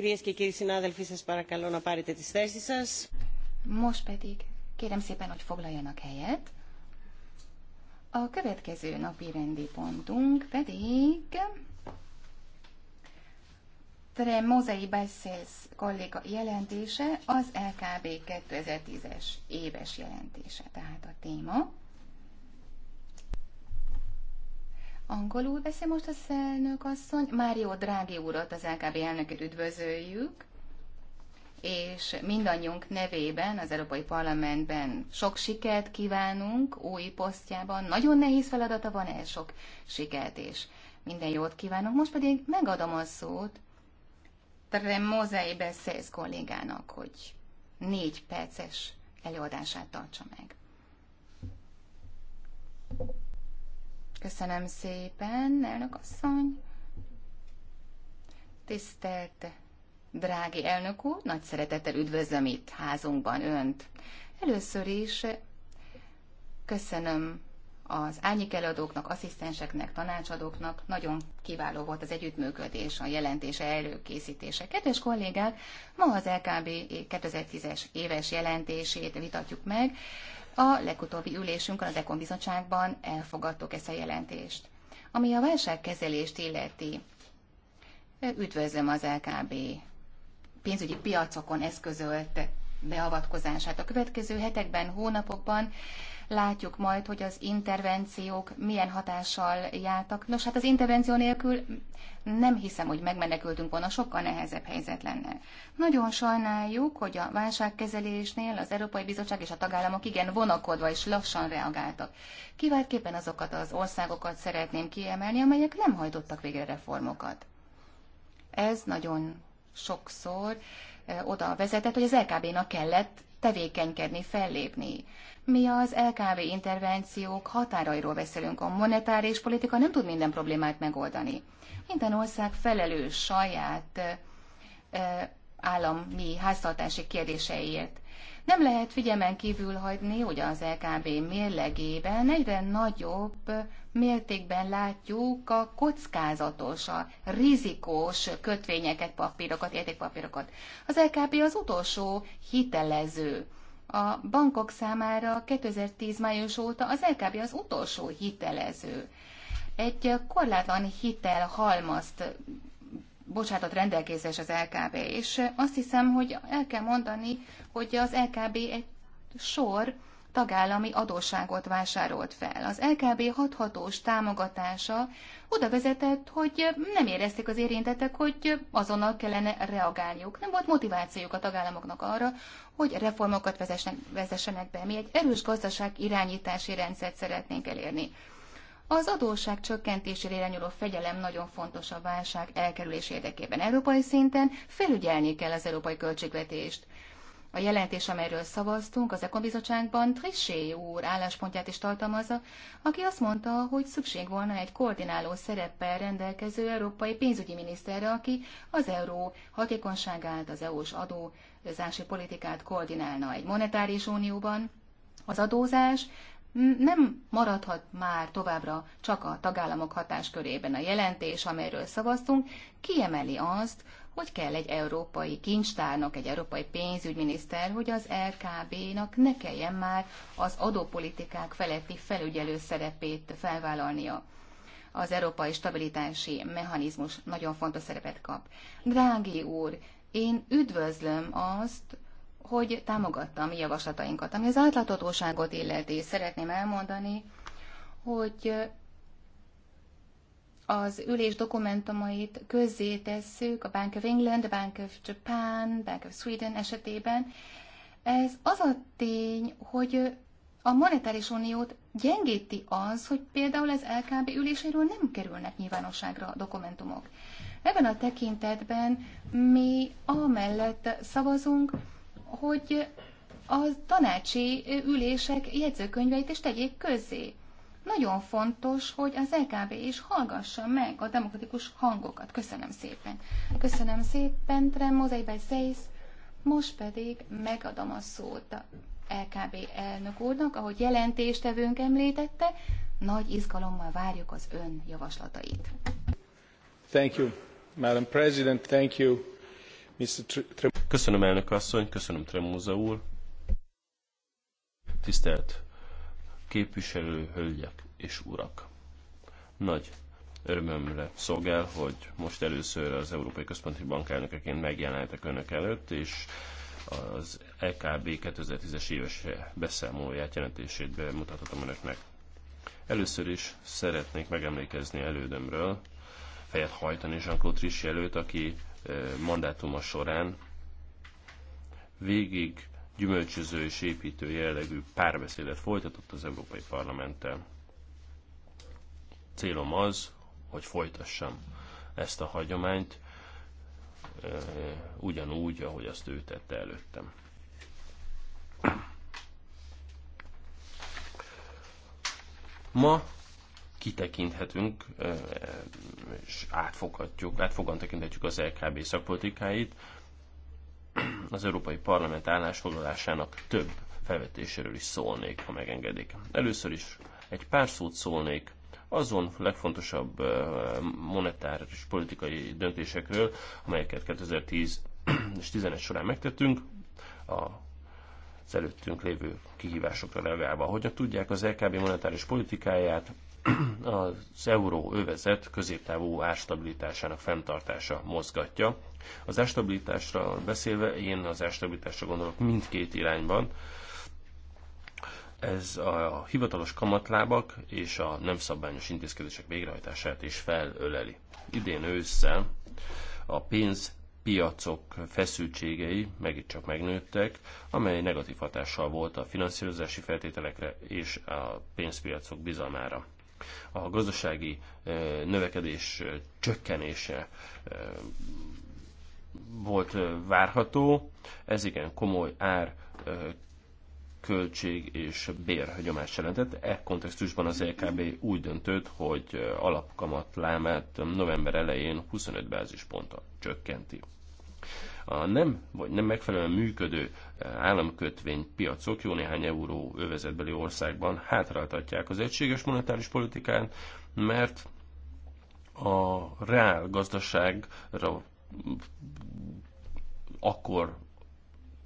Κυρίες και κύριοι συνάδελφοι, σας παρακαλώ να πάρετε τις θέσεις σας. Most pedig kérem szépen, hogy foglaljanak helyet. A következő napi rendi pontunk pedig Tremozei Beszélsz kolléga jelentése az LKB 2010-es éves jelentése, tehát a téma. Angolul beszél most a szelnök asszony. Mário Drági urat, az LKB elnöket üdvözöljük, és mindannyiunk nevében az Európai Parlamentben sok sikert kívánunk új posztjában. Nagyon nehéz feladata van el sok sikert, és minden jót kívánok. Most pedig megadom a szót Tremozei Beszélsz kollégának, hogy négy perces előadását tartsa meg. Köszönöm szépen, elnök asszony. Tisztelt drági elnök úr, nagy szeretettel üdvözlöm itt házunkban önt. Először is köszönöm az ányik előadóknak, asszisztenseknek, tanácsadóknak. Nagyon kiváló volt az együttműködés, a jelentése előkészítése. Kedves kollégák, ma az LKB 2010-es e éves jelentését vitatjuk meg. A legutóbbi ülésünkön az Dekon Bizottságban elfogadtuk ezt a jelentést. Ami a válságkezelést illeti, üdvözlöm az LKB pénzügyi piacokon eszközölt beavatkozását. A következő hetekben, hónapokban látjuk majd, hogy az intervenciók milyen hatással jártak. Nos, hát az intervenció nélkül nem hiszem, hogy megmenekültünk volna, sokkal nehezebb helyzet lenne. Nagyon sajnáljuk, hogy a válságkezelésnél az Európai Bizottság és a tagállamok igen vonakodva és lassan reagáltak. Kiváltképpen azokat az országokat szeretném kiemelni, amelyek nem hajtottak végre reformokat. Ez nagyon sokszor eh, oda vezetett, hogy az LKB-nak kellett tevékenykedni, fellépni. Mi az LKV intervenciók határairól beszélünk, a monetáris politika nem tud minden problémát megoldani. Minden ország felelős saját állami háztartási kérdéseiért. Nem lehet figyelmen kívül hagyni, hogy az LKB mérlegében egyre nagyobb mértékben látjuk a kockázatos, a rizikós kötvényeket, papírokat, értékpapírokat. Az LKB az utolsó hitelező. A bankok számára 2010 május óta az LKB az utolsó hitelező. Egy korlátlan hitel halmazt bocsátott rendelkezés az LKB, és azt hiszem, hogy el kell mondani, hogy az LKB egy sor tagállami adósságot vásárolt fel. Az LKB hathatós támogatása oda vezetett, hogy nem érezték az érintettek, hogy azonnal kellene reagálniuk. Nem volt motivációjuk a tagállamoknak arra, hogy reformokat vezessenek be. Mi egy erős gazdaság irányítási rendszert szeretnénk elérni. Az adósság csökkentésére irányuló fegyelem nagyon fontos a válság elkerülés érdekében. Európai szinten felügyelni kell az európai költségvetést. A jelentés, amelyről szavaztunk az Ekobizottságban, Trissé úr álláspontját is tartalmazza, aki azt mondta, hogy szükség volna egy koordináló szereppel rendelkező európai pénzügyi miniszterre, aki az euró hatékonyságát, az EU-s adózási politikát koordinálna egy monetáris unióban. Az adózás nem maradhat már továbbra csak a tagállamok hatáskörében a jelentés, amelyről szavaztunk, kiemeli azt, hogy kell egy európai kincstárnak, egy európai pénzügyminiszter, hogy az LKB-nak ne kelljen már az adópolitikák feletti felügyelő szerepét felvállalnia. Az európai stabilitási mechanizmus nagyon fontos szerepet kap. Drági úr, én üdvözlöm azt, hogy támogatta a mi javaslatainkat. Ami az átláthatóságot illeti, szeretném elmondani, hogy az ülés dokumentumait közzé tesszük a Bank of England, a Bank of Japan, Bank of Sweden esetében. Ez az a tény, hogy a monetáris uniót gyengíti az, hogy például az LKB üléséről nem kerülnek nyilvánosságra dokumentumok. Ebben a tekintetben mi amellett szavazunk, hogy a tanácsi ülések jegyzőkönyveit is tegyék közzé. Nagyon fontos, hogy az EKB is hallgassa meg a demokratikus hangokat. Köszönöm szépen. Köszönöm szépen, Tremoz, egyben Most pedig megadom a szót a LKB e elnök úrnak, ahogy jelentéstevőnk említette, nagy izgalommal várjuk az ön javaslatait. Thank you, Madam President, thank you, Mr. Tre- köszönöm elnök asszony, köszönöm Tremóza úr. Tisztelt képviselő hölgyek és urak! Nagy örömömre szolgál, hogy most először az Európai Központi Bank elnökeként megjelenhetek önök előtt, és az EKB 2010-es éves beszámolóját, jelentését bemutathatom önöknek. Először is szeretnék megemlékezni elődömről, fejet hajtani Jean-Claude Trichet előtt, aki eh, mandátuma során végig gyümölcsöző és építő jellegű párbeszédet folytatott az Európai Parlamenttel. Célom az, hogy folytassam ezt a hagyományt, ugyanúgy, ahogy azt ő tette előttem. Ma kitekinthetünk, és átfoghatjuk, átfogan tekinthetjük az LKB szakpolitikáit, az Európai Parlament állásfoglalásának több felvetéséről is szólnék, ha megengedik. Először is egy pár szót szólnék azon legfontosabb monetáris politikai döntésekről, amelyeket 2010 és 11 során megtettünk, a az előttünk lévő kihívásokra reagálva. Hogyan tudják az LKB monetáris politikáját az euró övezet középtávú árstabilitásának fenntartása mozgatja. Az árstabilitásra beszélve, én az árstabilitásra gondolok mindkét irányban, ez a hivatalos kamatlábak és a nem szabványos intézkedések végrehajtását is felöleli. Idén ősszel a pénzpiacok feszültségei megint csak megnőttek, amely negatív hatással volt a finanszírozási feltételekre és a pénzpiacok bizalmára a gazdasági e, növekedés e, csökkenése e, volt várható. Ez igen komoly ár költség és bér hagyomást jelentett. E kontextusban az LKB úgy döntött, hogy alapkamat lámát november elején 25 bázisponttal csökkenti. A nem vagy nem megfelelően működő eh, piacok jó néhány euró övezetbeli országban hátráltatják az egységes monetáris politikán, mert a reál gazdaságra akkor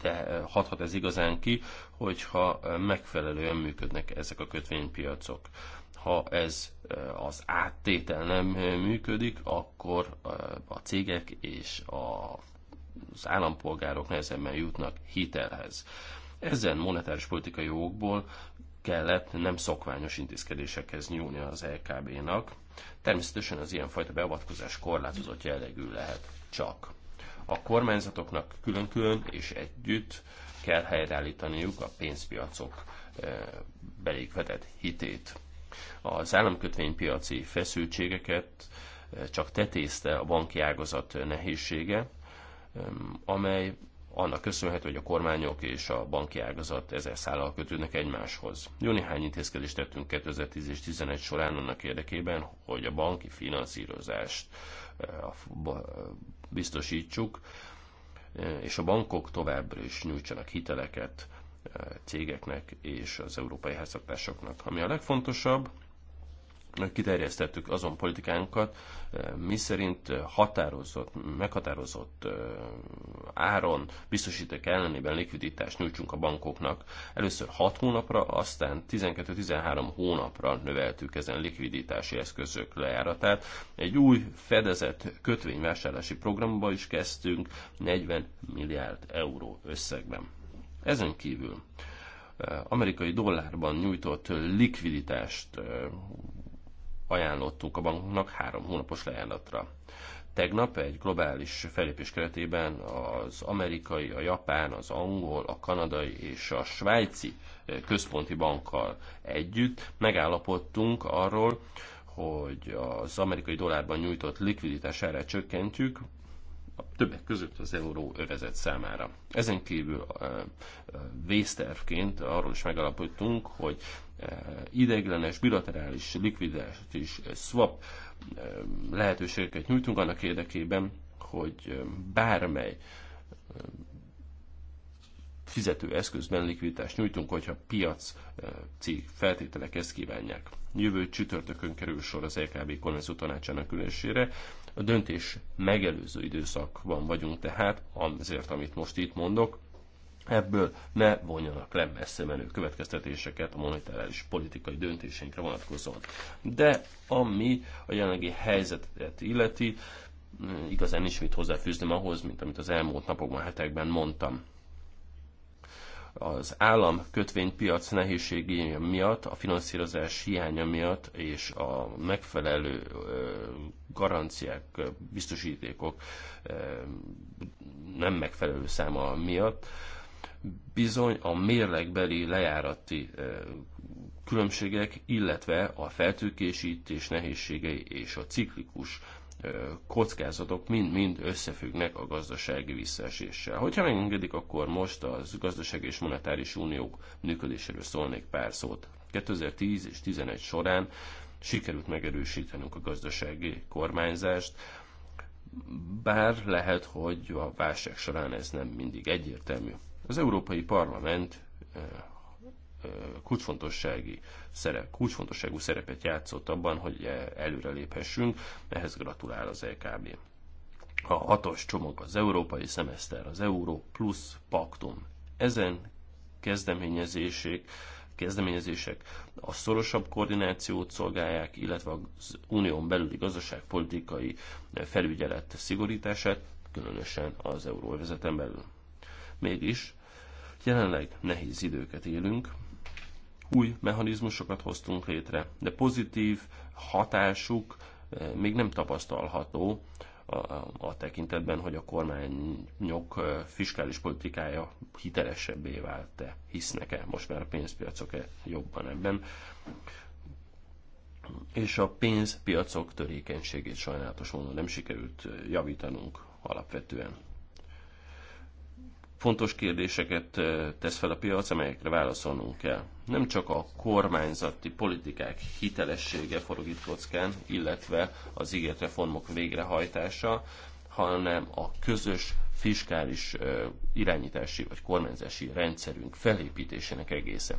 de eh, hathat ez igazán ki, hogyha eh, megfelelően működnek ezek a kötvénypiacok. Ha ez az áttétel nem működik, akkor a cégek és a az állampolgárok nehezebben jutnak hitelhez. Ezen monetáris politikai okból kellett nem szokványos intézkedésekhez nyúlni az LKB-nak. Természetesen az ilyenfajta beavatkozás korlátozott jellegű lehet csak. A kormányzatoknak külön-külön és együtt kell helyreállítaniuk a pénzpiacok eh, beléjük vetett hitét. Az államkötvénypiaci feszültségeket eh, csak tetézte a banki ágazat nehézsége, amely annak köszönhető, hogy a kormányok és a banki ágazat ezer szállal kötődnek egymáshoz. Jó néhány intézkedést tettünk 2010 és 2011 során annak érdekében, hogy a banki finanszírozást biztosítsuk, és a bankok továbbra is nyújtsanak hiteleket cégeknek és az európai háztartásoknak. Ami a legfontosabb, kiterjesztettük azon politikánkat, eh, mi szerint eh, határozott, meghatározott eh, áron biztosíték ellenében likviditást nyújtsunk a bankoknak. Először 6 hónapra, aztán 12-13 hónapra növeltük ezen likviditási eszközök lejáratát. Egy új fedezett kötvényvásárlási programba is kezdtünk 40 milliárd euró összegben. Ezen kívül amerikai dollárban nyújtott likviditást ajánlottuk a banknak három hónapos lejáratra. Tegnap egy globális felépés keretében az amerikai, a japán, az angol, a kanadai és a svájci eh, központi bankkal együtt megállapodtunk arról, hogy az amerikai dollárban nyújtott likviditás erre csökkentjük, a többek között az euró övezet számára. Ezen kívül eh, eh, vésztervként arról is megalapodtunk, hogy ideiglenes, bilaterális, likviditás, swap eh, lehetőségeket nyújtunk annak érdekében, hogy eh, bármely eh, fizetőeszközben likviditást nyújtunk, hogyha piac feltételek ezt kívánják. Jövő csütörtökön kerül sor az LKB e konvenció tanácsának ülésére. A döntés megelőző időszakban vagyunk tehát, azért, amit most itt mondok, ebből ne vonjanak le messze menő következtetéseket a monetáris politikai döntéseinkre vonatkozóan. De ami a jelenlegi helyzetet illeti, igazán is mit hozzáfűznöm ahhoz, mint amit az elmúlt napokban, hetekben mondtam. Az állam kötvénypiac nehézségé miatt, a finanszírozás hiánya miatt és a megfelelő garanciák, biztosítékok nem megfelelő száma miatt bizony a mérlegbeli lejárati különbségek, illetve a feltőkésítés nehézségei és a ciklikus kockázatok mind-mind összefüggnek a gazdasági visszaeséssel. Hogyha megengedik, akkor most az gazdasági és monetáris uniók működéséről szólnék pár szót. 2010 és 11 során sikerült megerősítenünk a gazdasági kormányzást, bár lehet, hogy a válság során ez nem mindig egyértelmű. Az Európai Parlament eh, eh, kulcsfontossági szerep, kulcsfontosságú szerepet játszott abban, hogy eh, előreléphessünk, ehhez gratulál az LKB. E a hatos csomag az európai szemeszter, az Euró plusz paktum. Ezen kezdeményezések, kezdeményezések a szorosabb koordinációt szolgálják, illetve az unión belüli gazdaságpolitikai felügyelet szigorítását, különösen az euróvezeten belül. Mégis jelenleg nehéz időket élünk, új mechanizmusokat hoztunk létre, de pozitív hatásuk eh, még nem tapasztalható a, a, a tekintetben, hogy a kormányok eh, fiskális politikája hitelesebbé vált-e, hisznek-e most már a pénzpiacok-e jobban ebben. És a pénzpiacok törékenységét sajnálatos módon nem sikerült eh, javítanunk alapvetően fontos kérdéseket eh, tesz fel a piac, amelyekre válaszolnunk kell. Nem csak a kormányzati politikák hitelessége forog itt kockán, illetve az ígért reformok végrehajtása, hanem a közös fiskális eh, irányítási vagy kormányzási rendszerünk felépítésének egésze.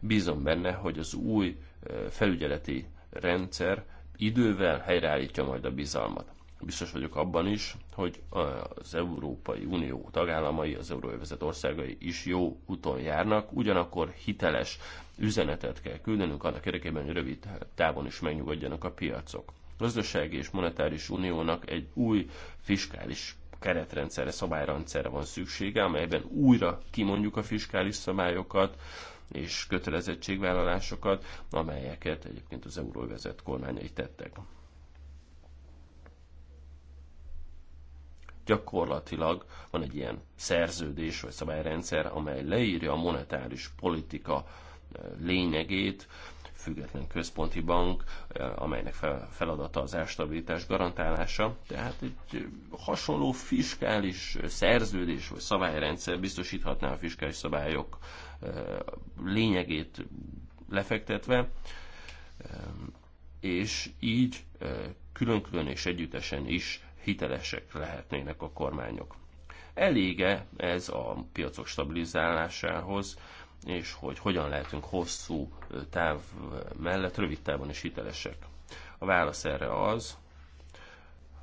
Bízom benne, hogy az új eh, felügyeleti rendszer idővel helyreállítja majd a bizalmat. Biztos vagyok abban is, hogy az Európai Unió tagállamai, az Euróövezet országai is jó úton járnak, ugyanakkor hiteles üzenetet kell küldenünk annak érdekében, hogy rövid távon is megnyugodjanak a piacok. Gazdasági és monetáris uniónak egy új fiskális keretrendszerre, szabályrendszerre van szüksége, amelyben újra kimondjuk a fiskális szabályokat, és kötelezettségvállalásokat, amelyeket egyébként az euróvezet kormányai tettek. gyakorlatilag van egy ilyen szerződés vagy szabályrendszer, amely leírja a monetáris politika eh, lényegét, független központi bank, eh, amelynek feladata az árstabilitás garantálása. Tehát egy eh, hasonló fiskális szerződés vagy szabályrendszer biztosíthatná a fiskális szabályok lényegét lefektetve, és így külön-külön és együttesen is hitelesek lehetnének a kormányok. Elége ez a piacok stabilizálásához, és hogy hogyan lehetünk hosszú táv mellett rövid távon is hitelesek. A válasz erre az,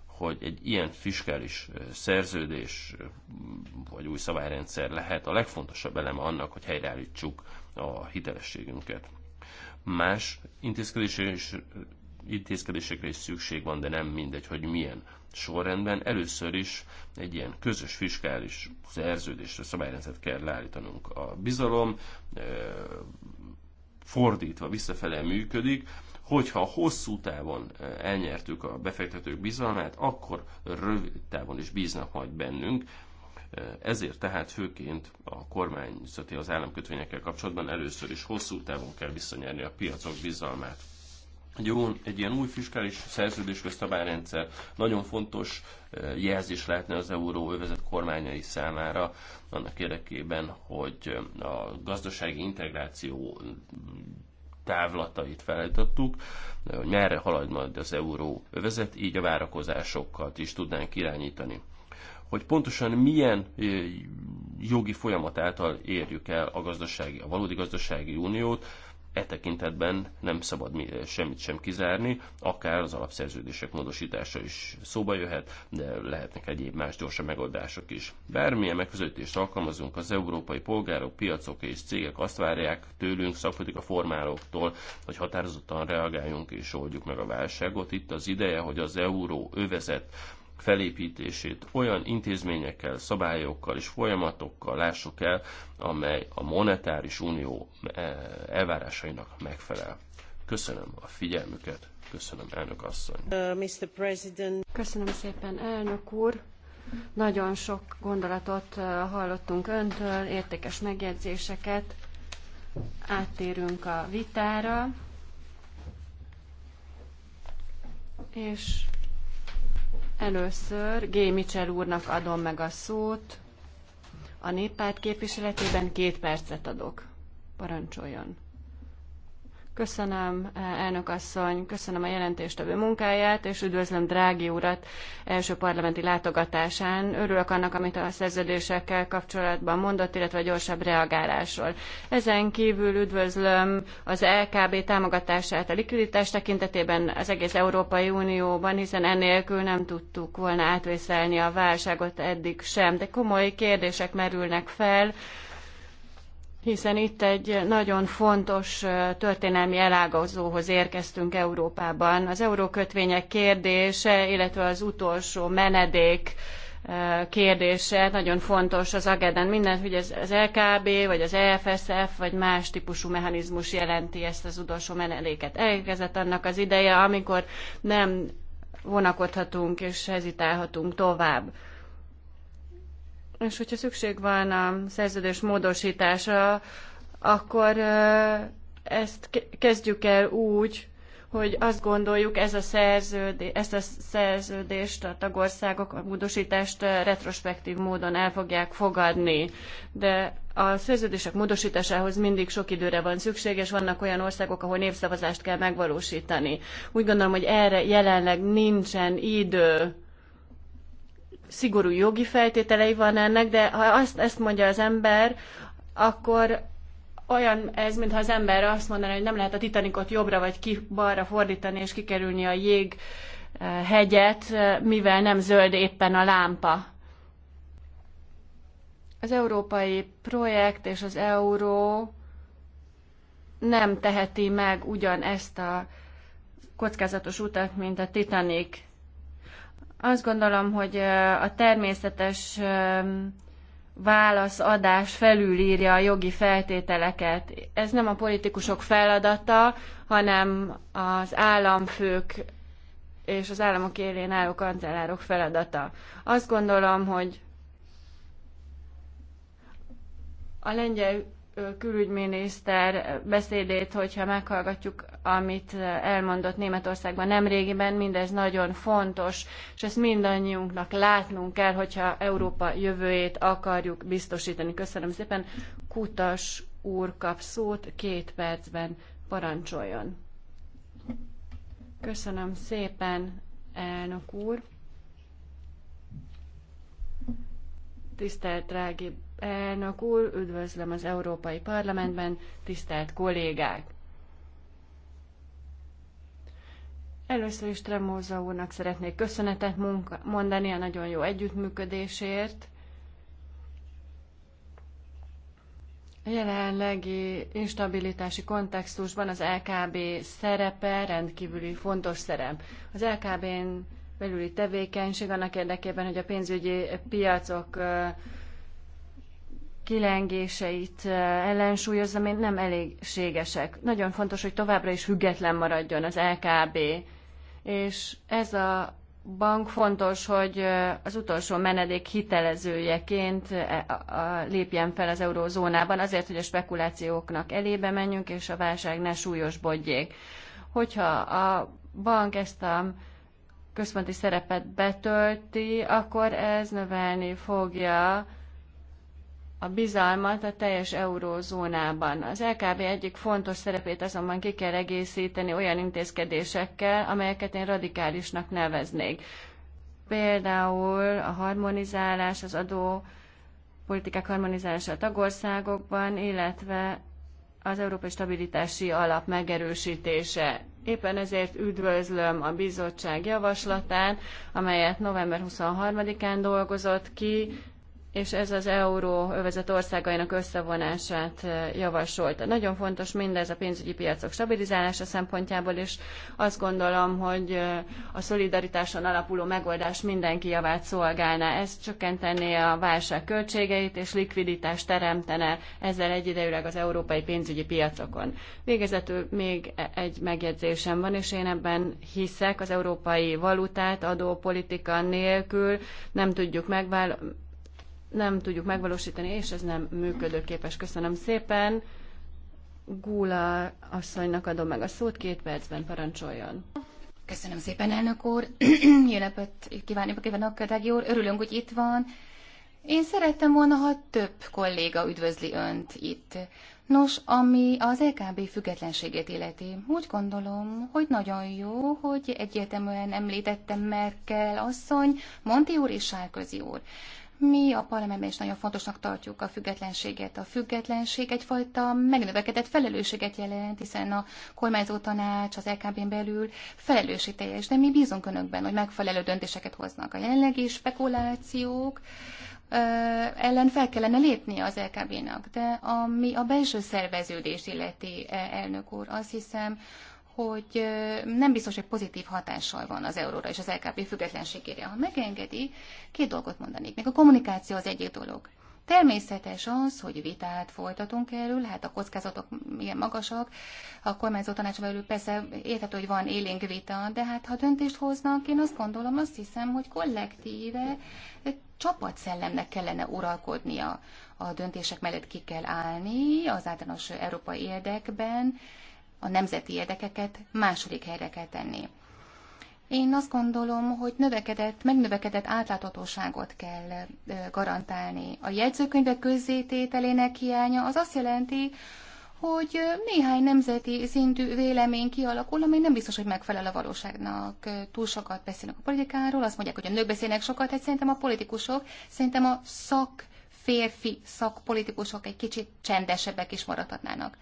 hogy egy ilyen fiskális szerződés vagy új szabályrendszer lehet a legfontosabb eleme annak, hogy helyreállítsuk a hitelességünket. Más intézkedésre is intézkedésekre is szükség van, de nem mindegy, hogy milyen sorrendben. Először is egy ilyen közös fiskális szerződésre szabályrendszert kell leállítanunk. A bizalom eh, fordítva visszafele működik, hogyha hosszú távon eh, elnyertük a befektetők bizalmát, akkor rövid távon is bíznak majd bennünk. Eh, ezért tehát főként a kormányzati az államkötvényekkel kapcsolatban először is hosszú távon kell visszanyerni a piacok bizalmát egy, jó, egy ilyen új fiskális szerződésköztabályrendszer nagyon fontos eh, jelzés lehetne az euróövezet kormányai számára, annak érdekében, hogy eh, a gazdasági integráció mm, távlatait felállítottuk, eh, hogy merre halad majd az euróövezet, így a várakozásokat is tudnánk irányítani. Hogy pontosan milyen jogi folyamat által érjük el a, gazdasági, a valódi gazdasági uniót, e tekintetben nem szabad semmit sem kizárni, akár az alapszerződések módosítása is szóba jöhet, de lehetnek egyéb más gyorsabb megoldások is. Bármilyen megközelítést alkalmazunk, az európai polgárok, piacok és cégek azt várják tőlünk, szakpolitika formálóktól, hogy határozottan reagáljunk és oldjuk meg a válságot. Itt az ideje, hogy az euró övezet felépítését olyan intézményekkel, szabályokkal és folyamatokkal lássuk el, amely a monetáris unió eh, elvárásainak megfelel. Köszönöm a figyelmüket, köszönöm elnök asszony. Uh, Mr. President. Köszönöm szépen elnök úr. Nagyon sok gondolatot uh, hallottunk öntől, értékes megjegyzéseket. Áttérünk a vitára. És Először G. Mitchell úrnak adom meg a szót. A néppárt képviseletében két percet adok. Parancsoljon! Köszönöm, elnök asszony, köszönöm a jelentéstevő munkáját, és üdvözlöm Drági urat első parlamenti látogatásán. Örülök annak, amit a szerződésekkel kapcsolatban mondott, illetve a gyorsabb reagálásról. Ezen kívül üdvözlöm az LKB támogatását a likviditás tekintetében az egész Európai Unióban, hiszen ennélkül nem tudtuk volna átvészelni a válságot eddig sem, de komoly kérdések merülnek fel, hiszen itt egy nagyon fontos történelmi elágazóhoz érkeztünk Európában. Az eurókötvények kérdése, illetve az utolsó menedék kérdése nagyon fontos az agendán. Mindent, hogy ez az LKB, vagy az EFSF, vagy más típusú mechanizmus jelenti ezt az utolsó menedéket. Elérkezett annak az ideje, amikor nem vonakodhatunk és hezitálhatunk tovább. És hogyha szükség van a szerződés módosítása, akkor ezt kezdjük el úgy, hogy azt gondoljuk, ez a szerződés, ezt a szerződést a tagországok a módosítást retrospektív módon el fogják fogadni. De a szerződések módosításához mindig sok időre van szükség, és vannak olyan országok, ahol népszavazást kell megvalósítani. Úgy gondolom, hogy erre jelenleg nincsen idő szigorú jogi feltételei van ennek, de ha azt, ezt mondja az ember, akkor olyan ez, mintha az ember azt mondaná, hogy nem lehet a Titanikot jobbra vagy ki balra fordítani, és kikerülni a jég eh, hegyet, eh, mivel nem zöld éppen a lámpa. Az európai projekt és az euró nem teheti meg ugyanezt a kockázatos utat, mint a Titanic. Azt gondolom, hogy a természetes válaszadás felülírja a jogi feltételeket. Ez nem a politikusok feladata, hanem az államfők és az államok élén álló kancellárok feladata. Azt gondolom, hogy a lengyel külügyminiszter beszédét, hogyha meghallgatjuk, amit elmondott Németországban nemrégiben, mindez nagyon fontos, és ezt mindannyiunknak látnunk kell, hogyha Európa jövőjét akarjuk biztosítani. Köszönöm szépen. Kutas úr kap szót, két percben parancsoljon. Köszönöm szépen, elnök úr. Tisztelt drági elnök úr, üdvözlöm az Európai Parlamentben, tisztelt kollégák! Először is Tremóza úrnak szeretnék köszönetet mondani a nagyon jó együttműködésért. A jelenlegi instabilitási kontextusban az LKB szerepe rendkívüli fontos szerep. Az LKB-n belüli tevékenység annak érdekében, hogy a pénzügyi piacok kilengéseit eh, ellensúlyozza, még nem elégségesek. Nagyon fontos, hogy továbbra is független maradjon az LKB, és ez a bank fontos, hogy eh, az utolsó menedék hitelezőjeként eh, lépjen fel az eurózónában, azért, hogy a spekulációknak elébe menjünk, és a válság ne súlyosbodjék. Hogyha a bank ezt a központi szerepet betölti, akkor ez növelni fogja a bizalmat a teljes eurózónában. Az LKB egyik fontos szerepét azonban ki kell egészíteni olyan intézkedésekkel, amelyeket én radikálisnak neveznék. Például a harmonizálás, az adó politikák harmonizálása a tagországokban, illetve az Európai Stabilitási Alap megerősítése. Éppen ezért üdvözlöm a bizottság javaslatát, amelyet november 23-án dolgozott ki, és ez az euróövezet országainak összevonását eh, javasolta. Nagyon fontos mindez a pénzügyi piacok stabilizálása szempontjából, és azt gondolom, hogy eh, a szolidaritáson alapuló megoldás mindenki javát szolgálná. Ez csökkentené a válság költségeit, és likviditást teremtene ezzel egyidejűleg az európai pénzügyi piacokon. Végezetül még egy megjegyzésem van, és én ebben hiszek, az európai valutát adó politika nélkül nem tudjuk megvál nem tudjuk megvalósítani, és ez nem működőképes. Köszönöm szépen. Gula asszonynak adom meg a szót, két percben parancsoljon. Köszönöm szépen, elnök úr. Jó napot kívánok, kívánok, Dági úr. Örülünk, hogy itt van. Én szerettem volna, ha több kolléga üdvözli önt itt. Nos, ami az LKB függetlenségét illeti, úgy gondolom, hogy nagyon jó, hogy egyértelműen említettem Merkel asszony, Monti úr és Sárközi úr. Mi a parlamentben is nagyon fontosnak tartjuk a függetlenséget. A függetlenség egyfajta megnövekedett felelősséget jelent, hiszen a kormányzó tanács az LKB-n belül felelősségteljes, de mi bízunk önökben, hogy megfelelő döntéseket hoznak. A jelenlegi spekulációk ellen fel kellene lépni az LKB-nak, de ami a belső szerveződés illeti e, elnök úr, azt hiszem, hogy nem biztos, hogy pozitív hatással van az euróra és az LKP függetlenségére. Ha megengedi, két dolgot mondanék. Még a kommunikáció az egyik dolog. Természetes az, hogy vitát folytatunk erről, hát a kockázatok milyen magasak, a kormányzó tanácson belül persze érthető, hogy van élénk vita, de hát ha döntést hoznak, én azt gondolom, azt hiszem, hogy kollektíve csapatszellemnek kellene uralkodnia. A döntések mellett ki kell állni az általános európai érdekben, a nemzeti érdekeket második helyre kell tenni. Én azt gondolom, hogy növekedett, megnövekedett átláthatóságot kell garantálni. A jegyzőkönyvek közzétételének hiánya az azt jelenti, hogy néhány nemzeti szintű vélemény kialakul, ami nem biztos, hogy megfelel a valóságnak. Túl sokat beszélnek a politikáról, azt mondják, hogy a nők beszélnek sokat, hát szerintem a politikusok, szerintem a szak férfi szakpolitikusok egy kicsit csendesebbek is maradhatnának.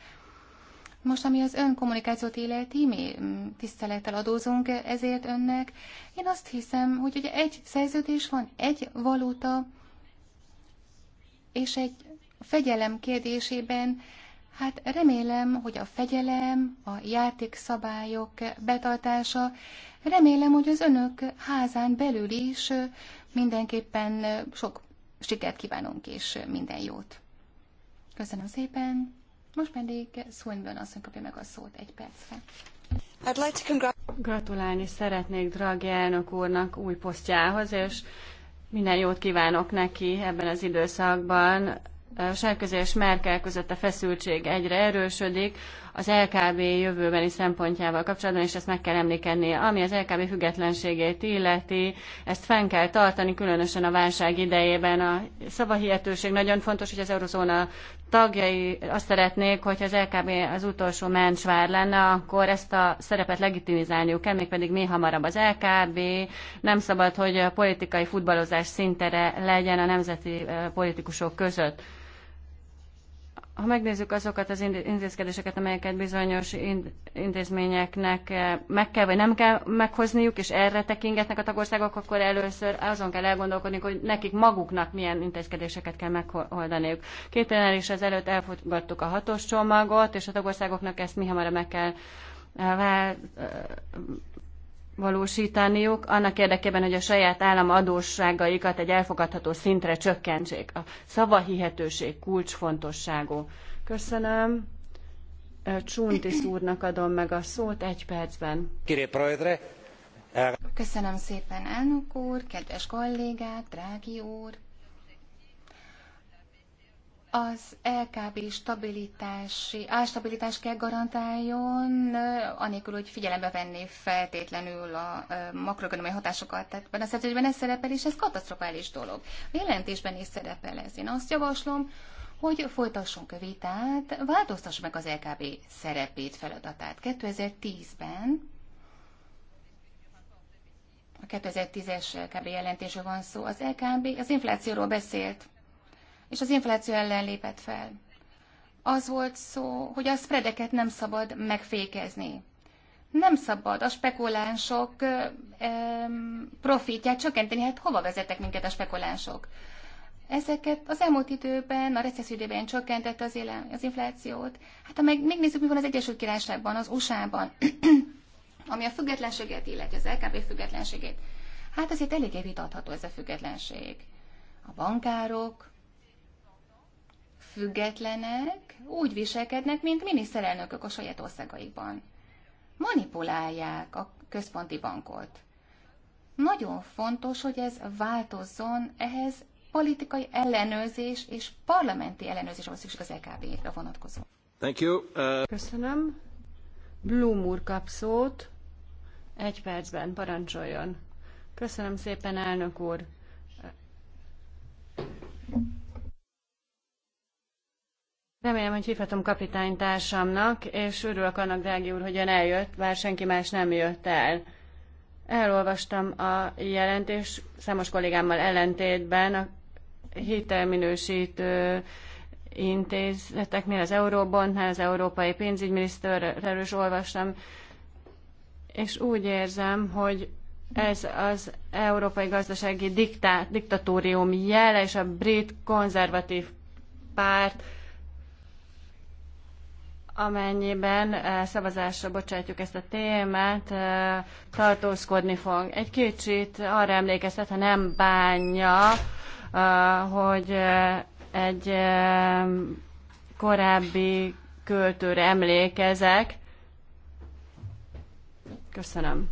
Most, ami az ön kommunikációt illeti, mi mm, tisztelettel adózunk ezért önnek. Én azt hiszem, hogy ugye egy szerződés van, egy valuta, és egy fegyelem kérdésében, hát remélem, hogy a fegyelem, a játékszabályok betartása, remélem, hogy az önök házán belül is mindenképpen sok sikert kívánunk, és minden jót. Köszönöm szépen! Most pedig Swinburne asszony kapja meg a szót egy percre. I'd like to congrat- Gratulálni szeretnék Draghi elnök úrnak új posztjához, és minden jót kívánok neki ebben az időszakban. Sárközi és Merkel között a feszültség egyre erősödik, az LKB jövőbeni szempontjával kapcsolatban, és ezt meg kell emlékenni, Ami az LKB függetlenségét illeti, ezt fenn kell tartani, különösen a válság idejében. A szavahihetőség nagyon fontos, hogy az eurozóna tagjai azt szeretnék, hogy az LKB az utolsó mencsvár lenne, akkor ezt a szerepet legitimizálniuk kell, mégpedig mi hamarabb az LKB. Nem szabad, hogy a politikai futballozás szintere legyen a nemzeti eh, politikusok között. Ha megnézzük azokat az intézkedéseket, amelyeket bizonyos intézményeknek eh, meg kell vagy nem kell meghozniuk, és erre tekingetnek a tagországok, akkor először azon kell elgondolkodni, hogy nekik maguknak milyen intézkedéseket kell megoldaniuk. Két plenáris az előtt elfogadtuk a hatos csomagot, és a tagországoknak ezt mi hamarabb meg kell eh, eh, valósítaniuk annak érdekében, hogy a saját állam adósságaikat egy elfogadható szintre csökkentsék. A hihetőség kulcsfontosságú. Köszönöm. Csuntis úrnak adom meg a szót egy percben. Köszönöm szépen, elnök úr, kedves kollégák, drági úr az LKB stabilitási, stabilitás kell garantáljon, anélkül, hogy figyelembe venné feltétlenül a makroekonomiai hatásokat. Tehát benne a szerződésben ez szerepel, és ez katasztrofális dolog. A jelentésben is szerepel ez. Én azt javaslom, hogy folytassunk a vitát, változtassuk meg az LKB szerepét, feladatát. 2010-ben a 2010-es LKB jelentésről van szó. Az LKB az inflációról beszélt és az infláció ellen lépett fel. Az volt szó, hogy a spreadeket nem szabad megfékezni. Nem szabad a spekulánsok profitját csökkenteni, hát hova vezetek minket a spekulánsok? Ezeket az elmúlt időben, a recesszió időben csökkentette az, élel, az inflációt. Hát ha meg, megnézzük, mi van az Egyesült Királyságban, az USA-ban, ami a függetlenséget illeti, az LKB függetlenségét, hát azért eléggé vitatható ez a függetlenség. A bankárok, függetlenek, úgy viselkednek, mint miniszterelnökök a saját országaikban. Manipulálják a központi bankot. Nagyon fontos, hogy ez változzon, ehhez politikai ellenőrzés és parlamenti ellenőrzés van szükség az LKB-ra e vonatkozó. Thank you. Uh... Köszönöm. Blum úr kap szót. Egy percben parancsoljon. Köszönöm szépen, elnök úr. Remélem, hogy hívhatom kapitány társamnak, és örülök annak, Drági úr, hogy ön eljött, bár senki más nem jött el. Elolvastam a jelentés, számos kollégámmal ellentétben a hitelminősítő intézeteknél, az Euróbontnál, az Európai Pénzügyminiszterről is olvastam, és úgy érzem, hogy ez az európai gazdasági diktát, diktatórium jele, és a brit konzervatív párt amennyiben eh, szavazásra bocsátjuk ezt a témát, eh, tartózkodni fog. Egy kicsit arra emlékeztet, ha nem bánja, eh, hogy egy korábbi költőre emlékezek. Köszönöm.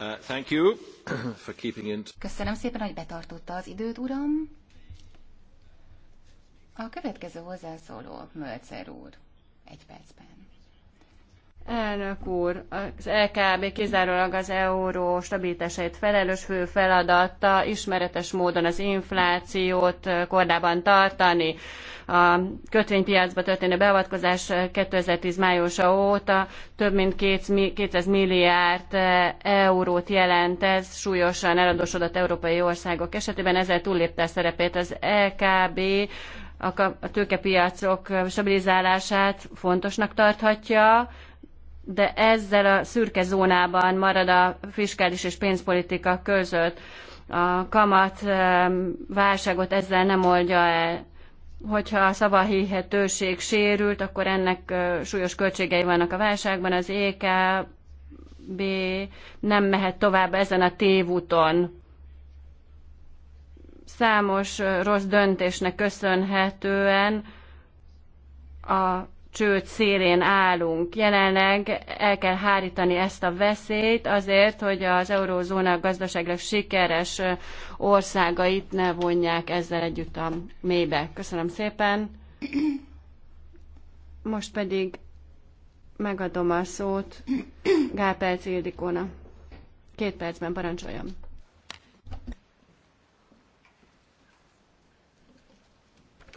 Uh, thank you for keeping in... Köszönöm szépen, hogy betartotta az időt, uram. A következő hozzászóló, Mölcer úr egy percben. Elnök úr, az LKB kizárólag az euró stabilitásait felelős fő feladata ismeretes módon az inflációt kordában tartani. A kötvénypiacba történő beavatkozás 2010 májusa óta több mint 200 milliárd eurót jelent ez súlyosan eladósodott európai országok esetében, ezzel túllépte a szerepét az LKB a tőkepiacok stabilizálását fontosnak tarthatja, de ezzel a szürke zónában marad a fiskális és pénzpolitika között. A kamat válságot ezzel nem oldja el. Hogyha a szavahihetőség sérült, akkor ennek súlyos költségei vannak a válságban. Az EKB nem mehet tovább ezen a tévúton számos rossz döntésnek köszönhetően a csőd szélén állunk. Jelenleg el kell hárítani ezt a veszélyt azért, hogy az eurózóna gazdaságilag sikeres országait ne vonják ezzel együtt a mélybe. Köszönöm szépen. Most pedig megadom a szót Gál Perc Ildikóna. Két percben parancsoljam.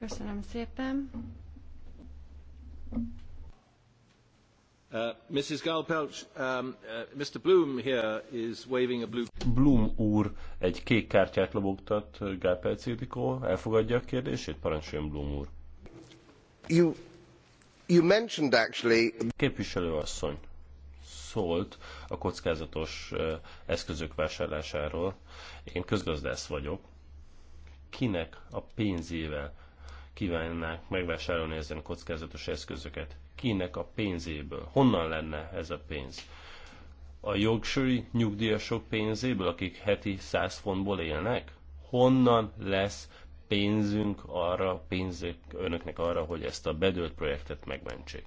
Köszönöm szépen. Uh, Mrs. Galpelch, um, uh, Mr. Bloom here is waving a blue... Bloom úr egy kék kártyát lobogtat Galpelch Ildikó. Elfogadja a kérdését? Parancsoljon Bloom úr. You, you mentioned actually... Képviselőasszony szólt a kockázatos uh, eszközök vásárlásáról. Én közgazdász vagyok. Kinek a pénzével kívánnák megvásárolni ezen kockázatos eszközöket. Kinek a pénzéből? Honnan lenne ez a pénz? A jogsori nyugdíjasok pénzéből, akik heti 100 fontból élnek? Honnan lesz pénzünk arra, pénzük önöknek arra, hogy ezt a bedőlt projektet megmentsék?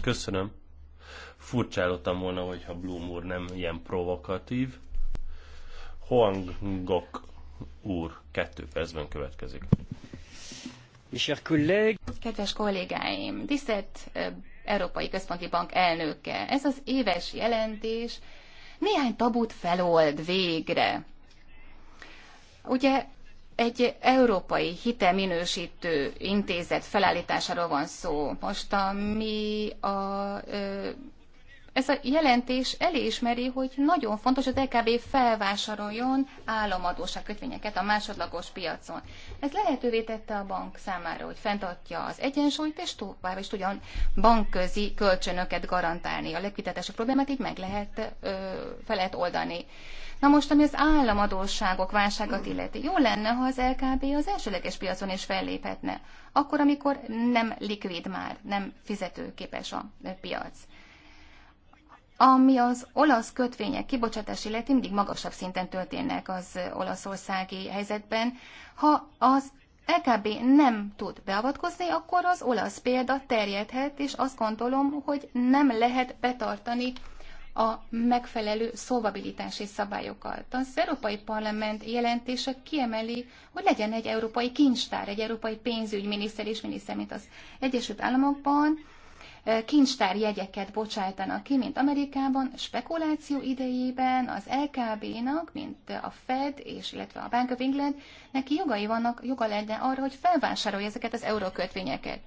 Köszönöm. Furcsálottam volna, hogyha Bloom úr nem ilyen provokatív. Hoang Gok úr, kettő percben következik. Kedves kollégáim, tisztelt Európai Központi Bank elnöke, ez az éves jelentés néhány tabut felold végre. Ugye egy európai hitelminősítő intézet felállításáról van szó. Most ami a, ez a jelentés elismeri, hogy nagyon fontos, hogy az LKB felvásároljon államadóság kötvényeket a másodlagos piacon. Ez lehetővé tette a bank számára, hogy fenntartja az egyensúlyt, és tovább is tudjon bankközi kölcsönöket garantálni. A legvitetesebb problémát így meg lehet, ö, fel lehet oldani. Na most, ami az államadóságok válságot illeti, jó lenne, ha az LKB az elsőleges piacon is felléphetne, akkor, amikor nem likvid már, nem fizetőképes a piac. Ami az olasz kötvények kibocsátás illeti, mindig magasabb szinten történnek az olaszországi helyzetben. Ha az LKB nem tud beavatkozni, akkor az olasz példa terjedhet, és azt gondolom, hogy nem lehet betartani a megfelelő szóvabilitási szabályokat. Az Európai Parlament jelentése kiemeli, hogy legyen egy európai kincstár, egy európai pénzügyminiszter és miniszter, mint az Egyesült Államokban, e, kincstár jegyeket bocsájtanak ki, mint Amerikában, spekuláció idejében az LKB-nak, mint a Fed, és illetve a Bank of England, neki jogai vannak, joga lenne arra, hogy felvásárolja ezeket az eurókötvényeket.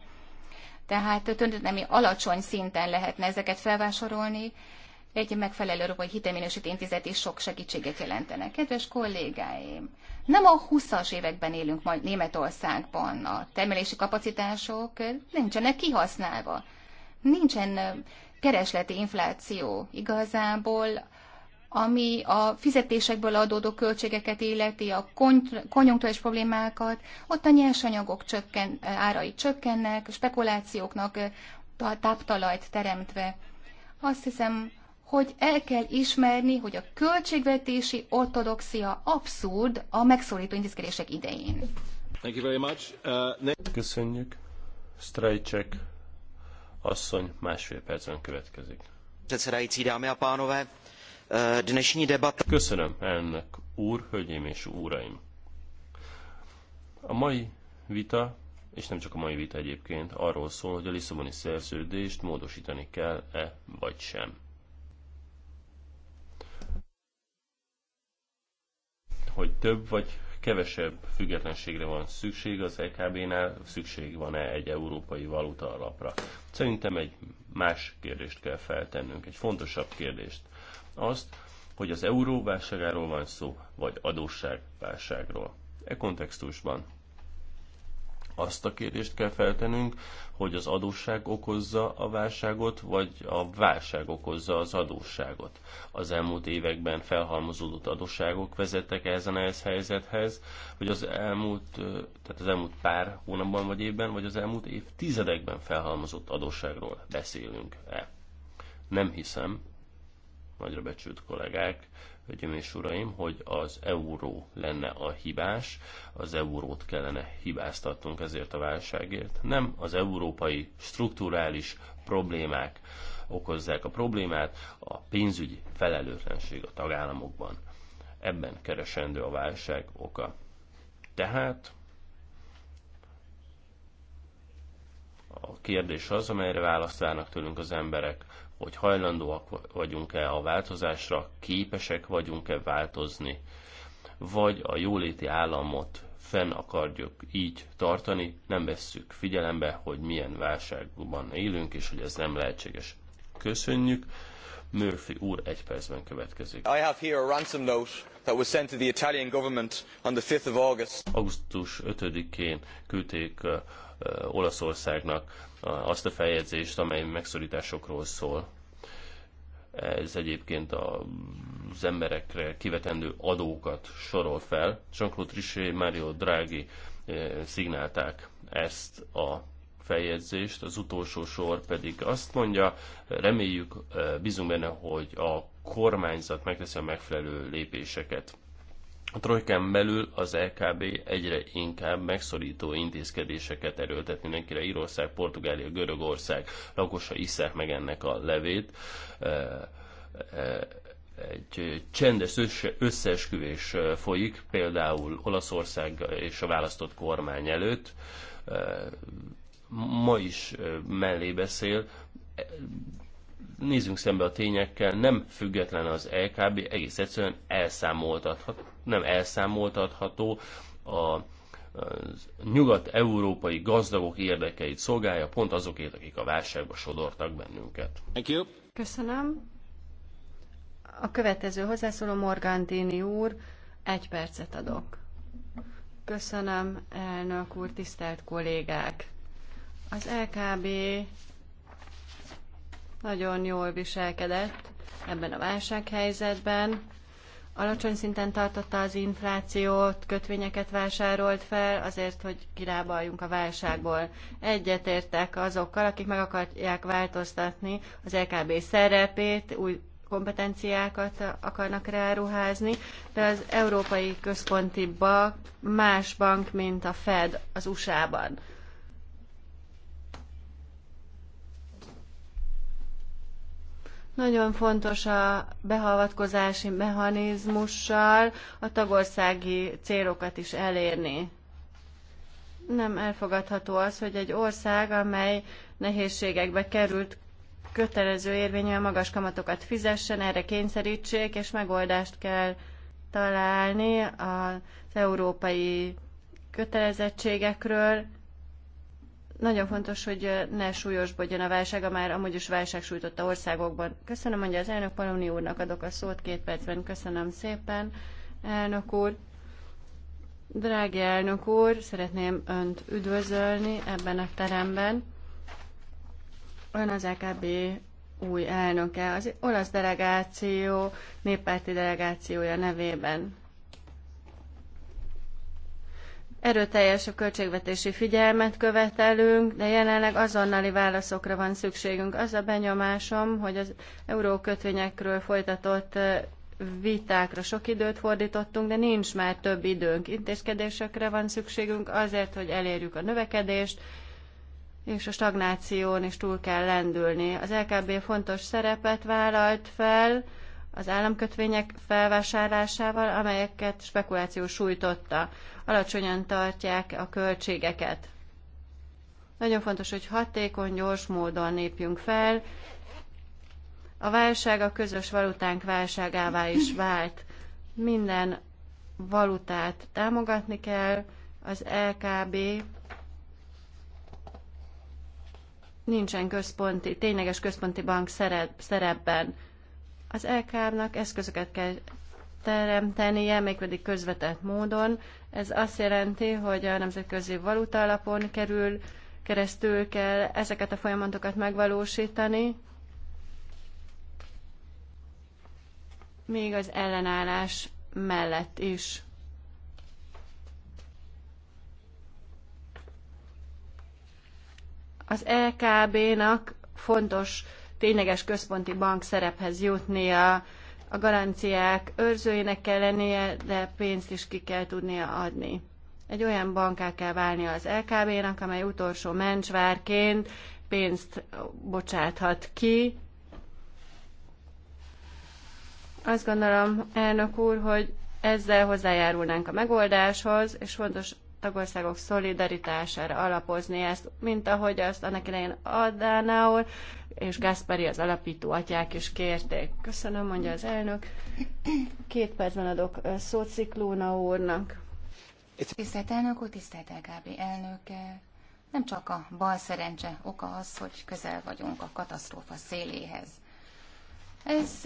Tehát tulajdonképpen alacsony szinten lehetne ezeket felvásárolni, egy megfelelő európai hitelminősítő intézet is sok segítséget jelentene Kedves kollégáim, nem a 20-as években élünk majd Németországban, a termelési kapacitások nincsenek kihasználva, nincsen keresleti infláció igazából, ami a fizetésekből adódó költségeket illeti, a konjunktúrás problémákat, ott a nyersanyagok csökken, árai csökkennek, spekulációknak táptalajt teremtve. Azt hiszem, hogy el kell ismerni, hogy a költségvetési ortodoxia abszurd a megszólító intézkedések idején. Thank you very much. Uh, ne- Köszönjük. Strajček asszony másfél percen következik. Předsedající, dámy a pánové, eh, dnešní debata... Köszönöm, elnök úr, hölgyeim és úraim. A mai vita, és nem csak a mai vita egyébként, arról szól, hogy a Lisszaboni szerződést módosítani kell-e vagy sem. hogy több vagy kevesebb függetlenségre van szükség az EKB-nál, szükség van-e egy európai valuta alapra. Szerintem egy más kérdést kell feltennünk, egy fontosabb kérdést. Azt, hogy az euróválságáról van szó, vagy adósságválságról. E kontextusban azt a kérdést kell feltenünk, hogy az adósság okozza a válságot, vagy a válság okozza az adósságot. Az elmúlt években felhalmozódott adósságok vezettek ehhez a helyzethez, vagy az elmúlt, tehát az elmúlt pár hónapban vagy évben, vagy az elmúlt évtizedekben felhalmozott adósságról beszélünk-e. Nem hiszem, nagyra becsült kollégák, hölgyeim és uraim, hogy az euró lenne a hibás, az eurót kellene hibáztatnunk ezért a válságért. Nem az európai strukturális problémák okozzák a problémát, a pénzügyi felelőtlenség a tagállamokban. Ebben keresendő a válság oka. Tehát a kérdés az, amelyre választ várnak tőlünk az emberek, hogy hajlandóak vagyunk-e a változásra, képesek vagyunk-e változni, vagy a jóléti államot fenn akarjuk így tartani, nem vesszük figyelembe, hogy milyen válságban élünk, és hogy ez nem lehetséges. Köszönjük! Murphy úr egy percben következik. I have here a ransom note that was sent to the Italian government on the 5th of August. Augusztus 5-én küldték uh, uh, Olaszországnak azt a feljegyzést, amely megszorításokról szól. Ez egyébként az emberekre kivetendő adókat sorol fel. Jean-Claude Trichet, Mario Draghi eh, szignálták ezt a feljegyzést, az utolsó sor pedig azt mondja, reméljük, eh, bízunk benne, hogy a kormányzat megteszi a megfelelő lépéseket. A trojkán belül az LKB e egyre inkább megszorító intézkedéseket erőltet mindenkire. Írország, Portugália, Görögország lakosa iszák meg ennek a levét. E, e, egy csendes összeesküvés folyik, például Olaszország és a választott kormány előtt. Ma is mellé beszél, nézzünk szembe a tényekkel, nem független az LKB, egész egyszerűen elszámoltathat, nem elszámoltatható, a nyugat-európai gazdagok érdekeit szolgálja, pont azokért, akik a válságba sodortak bennünket. Thank you. Köszönöm. A következő hozzászóló Dini úr, egy percet adok. Köszönöm, elnök úr, tisztelt kollégák! Az LKB nagyon jól viselkedett ebben a válsághelyzetben. Alacsony szinten tartotta az inflációt, kötvényeket vásárolt fel, azért, hogy kirábaljunk a válságból. Egyetértek azokkal, akik meg akarják változtatni az LKB szerepét, új kompetenciákat akarnak ráruházni, de az Európai Központi Bank más bank, mint a Fed az USA-ban. Nagyon fontos a behavatkozási mechanizmussal a tagországi célokat is elérni. Nem elfogadható az, hogy egy ország, amely nehézségekbe került, kötelező érvényűen magas kamatokat fizessen, erre kényszerítsék, és megoldást kell találni az európai kötelezettségekről, nagyon fontos, hogy ne súlyosbodjon a válság, a már amúgy is válság sújtotta országokban. Köszönöm, mondja az elnök Paloni úrnak adok a szót két percben. Köszönöm szépen, elnök úr. Drági elnök úr, szeretném Önt üdvözölni ebben a teremben. Ön az EKB új elnöke, az olasz delegáció, néppárti delegációja nevében. Erőteljes a költségvetési figyelmet követelünk, de jelenleg azonnali válaszokra van szükségünk. Az a benyomásom, hogy az eurókötvényekről folytatott vitákra sok időt fordítottunk, de nincs már több időnk. Intézkedésekre van szükségünk azért, hogy elérjük a növekedést, és a stagnáción is túl kell lendülni. Az LKB fontos szerepet vállalt fel az államkötvények felvásárlásával, amelyeket spekuláció sújtotta alacsonyan tartják a költségeket. Nagyon fontos, hogy hatékony, gyors módon lépjünk fel. A válság a közös valutánk válságává is vált. Minden valutát támogatni kell, az LKB nincsen központi, tényleges központi bank szerep, szerepben. Az LKB-nak eszközöket kell teremtenie, mégpedig közvetett módon. Ez azt jelenti, hogy a nemzetközi valuta alapon kerül, keresztül kell ezeket a folyamatokat megvalósítani, még az ellenállás mellett is. Az LKB-nak fontos tényleges központi bank szerephez jutnia, a garanciák őrzőjének kell lennie, de pénzt is ki kell tudnia adni. Egy olyan banká kell válnia az LKB-nak, amely utolsó mencsvárként pénzt bocsáthat ki. Azt gondolom, elnök úr, hogy ezzel hozzájárulnánk a megoldáshoz, és fontos tagországok szolidaritására alapozni ezt, mint ahogy azt annak idején Adánaul és Gaspari az alapító atyák is kérték. Köszönöm, mondja az elnök. Két percben adok szót Sziklóna úrnak. Tisztelt elnök úr, tisztelt LKB elnöke, nem csak a bal szerencse oka az, hogy közel vagyunk a katasztrófa széléhez. Ez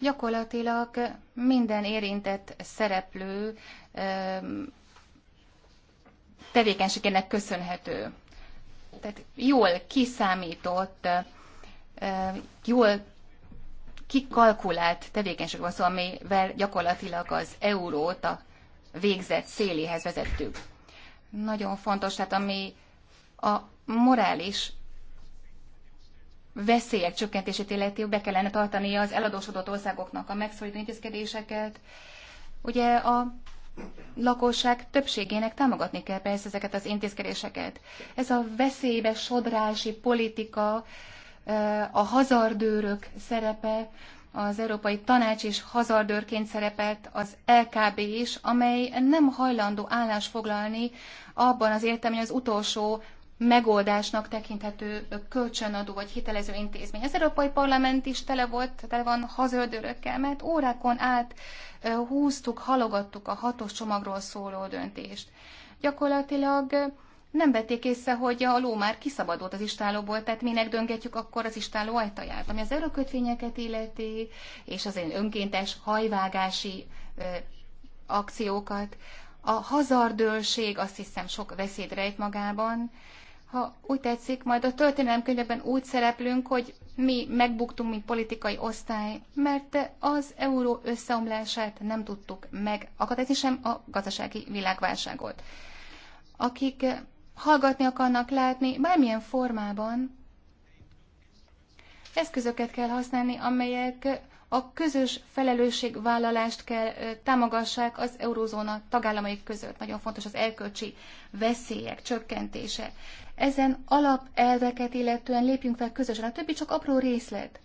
gyakorlatilag minden érintett szereplő tevékenységének köszönhető. Tehát jól kiszámított, jól kikalkulált tevékenység van szó, szóval, amivel gyakorlatilag az eurót a végzett széléhez vezettük. Nagyon fontos, tehát ami a morális veszélyek csökkentését illeti, be kellene tartani az eladósodott országoknak a megszorító intézkedéseket. Ugye a lakosság többségének támogatni kell persze ezeket az intézkedéseket. Ez a veszélybe sodrási politika, a hazardőrök szerepe, az Európai Tanács is hazardőrként szerepelt, az LKB is, amely nem hajlandó állás foglalni abban az értem, hogy az utolsó megoldásnak tekinthető kölcsönadó vagy hitelező intézmény. Az Európai Parlament is tele volt, tele van hazördörökkel, mert órákon át húztuk, halogattuk a hatos csomagról szóló döntést. Gyakorlatilag nem vették észre, hogy a ló már kiszabadult az istálóból, tehát minek döngetjük akkor az istáló ajtaját. Ami az erőkötvényeket illeti, és az én önkéntes hajvágási ö, akciókat, a hazardőlség azt hiszem sok veszélyt rejt magában, ha úgy tetszik, majd a történelemkönyvben úgy szereplünk, hogy mi megbuktunk, mint politikai osztály, mert az euró összeomlását nem tudtuk megakadályozni, sem a gazdasági világválságot. Akik hallgatni akarnak látni, bármilyen formában eszközöket kell használni, amelyek a közös felelősségvállalást kell támogassák az eurózóna tagállamai között. Nagyon fontos az erkölcsi veszélyek csökkentése. Ezen alapelveket illetően lépjünk fel közösen, a többi csak apró részlet.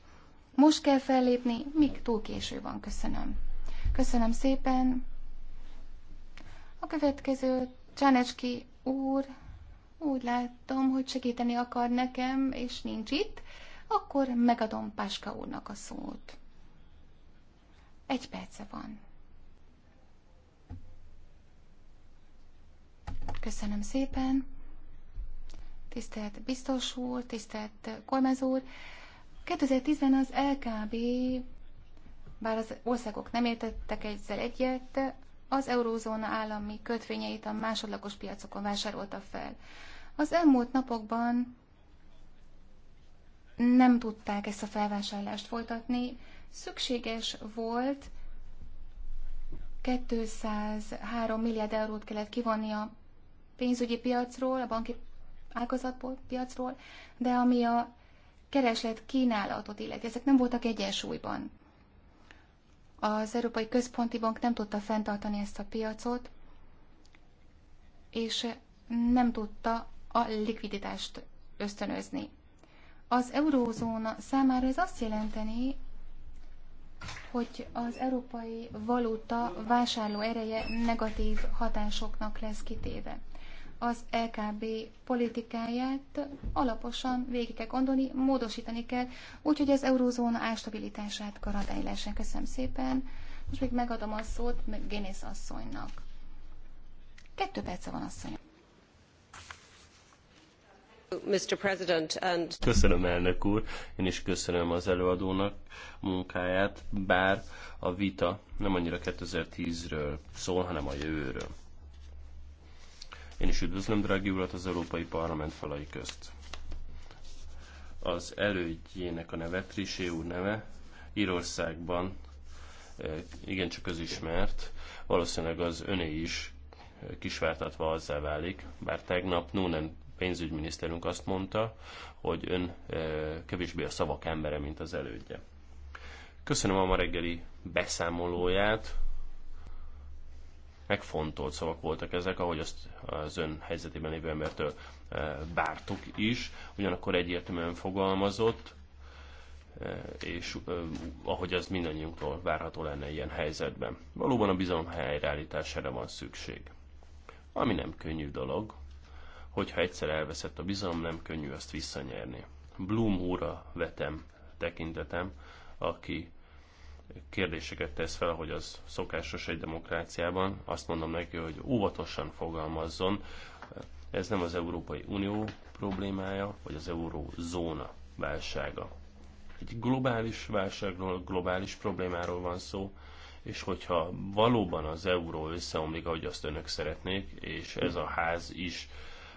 Most kell fellépni, míg túl késő van. Köszönöm. Köszönöm szépen. A következő Csánecski úr, úgy láttam, hogy segíteni akar nekem, és nincs itt, akkor megadom Páska úrnak a szót. Egy perce van. Köszönöm szépen. Tisztelt biztos úr, tisztelt kormányzó úr. 2010-ben az LKB, bár az országok nem értettek egyszer egyet, az eurózóna állami kötvényeit a másodlagos piacokon vásárolta fel. Az elmúlt napokban nem tudták ezt a felvásárlást folytatni, szükséges volt, 203 milliárd eurót kellett kivonni a pénzügyi piacról, a banki ágazatból, piacról, de ami a kereslet kínálatot illeti, ezek nem voltak egyensúlyban. Az Európai Központi Bank nem tudta fenntartani ezt a piacot, és nem tudta a likviditást ösztönözni. Az eurózóna számára ez azt jelenteni, hogy az európai valuta vásárló ereje negatív hatásoknak lesz kitéve. Az LKB politikáját alaposan végig kell gondolni, módosítani kell, úgyhogy az eurózóna ástabilitását garantálása. Köszönöm szépen. Most még megadom a szót Génész asszonynak. Kettő perce van asszonynak. Köszönöm, elnök úr. Én is köszönöm az előadónak a munkáját, bár a vita nem annyira 2010-ről szól, hanem a jövőről. Én is üdvözlöm, drági urat, az Európai Parlament falai közt. Az elődjének a neve, Trisé úr neve, Írországban e, igencsak közismert, valószínűleg az öné is e, kisvártatva azzá válik, bár tegnap Nunen pénzügyminiszterünk azt mondta, hogy ön e, kevésbé a szavak embere, mint az elődje. Köszönöm a ma reggeli beszámolóját. Megfontolt szavak voltak ezek, ahogy azt az ön helyzetében lévő embertől e, vártuk is. Ugyanakkor egyértelműen fogalmazott, e, és ahogy az mindannyiunktól várható lenne ilyen helyzetben. Valóban a bizalom helyreállítására van szükség. Ami nem könnyű dolog, hogyha egyszer elveszett a bizalom, nem könnyű azt visszanyerni. Bloom úra vetem tekintetem, aki kérdéseket tesz fel, hogy az szokásos egy demokráciában. Azt mondom neki, hogy óvatosan fogalmazzon. Ez nem az Európai Unió problémája, vagy az eurózóna válsága. Egy globális válságról, globális problémáról van szó, és hogyha valóban az euró összeomlik, ahogy azt önök szeretnék, és ez a ház is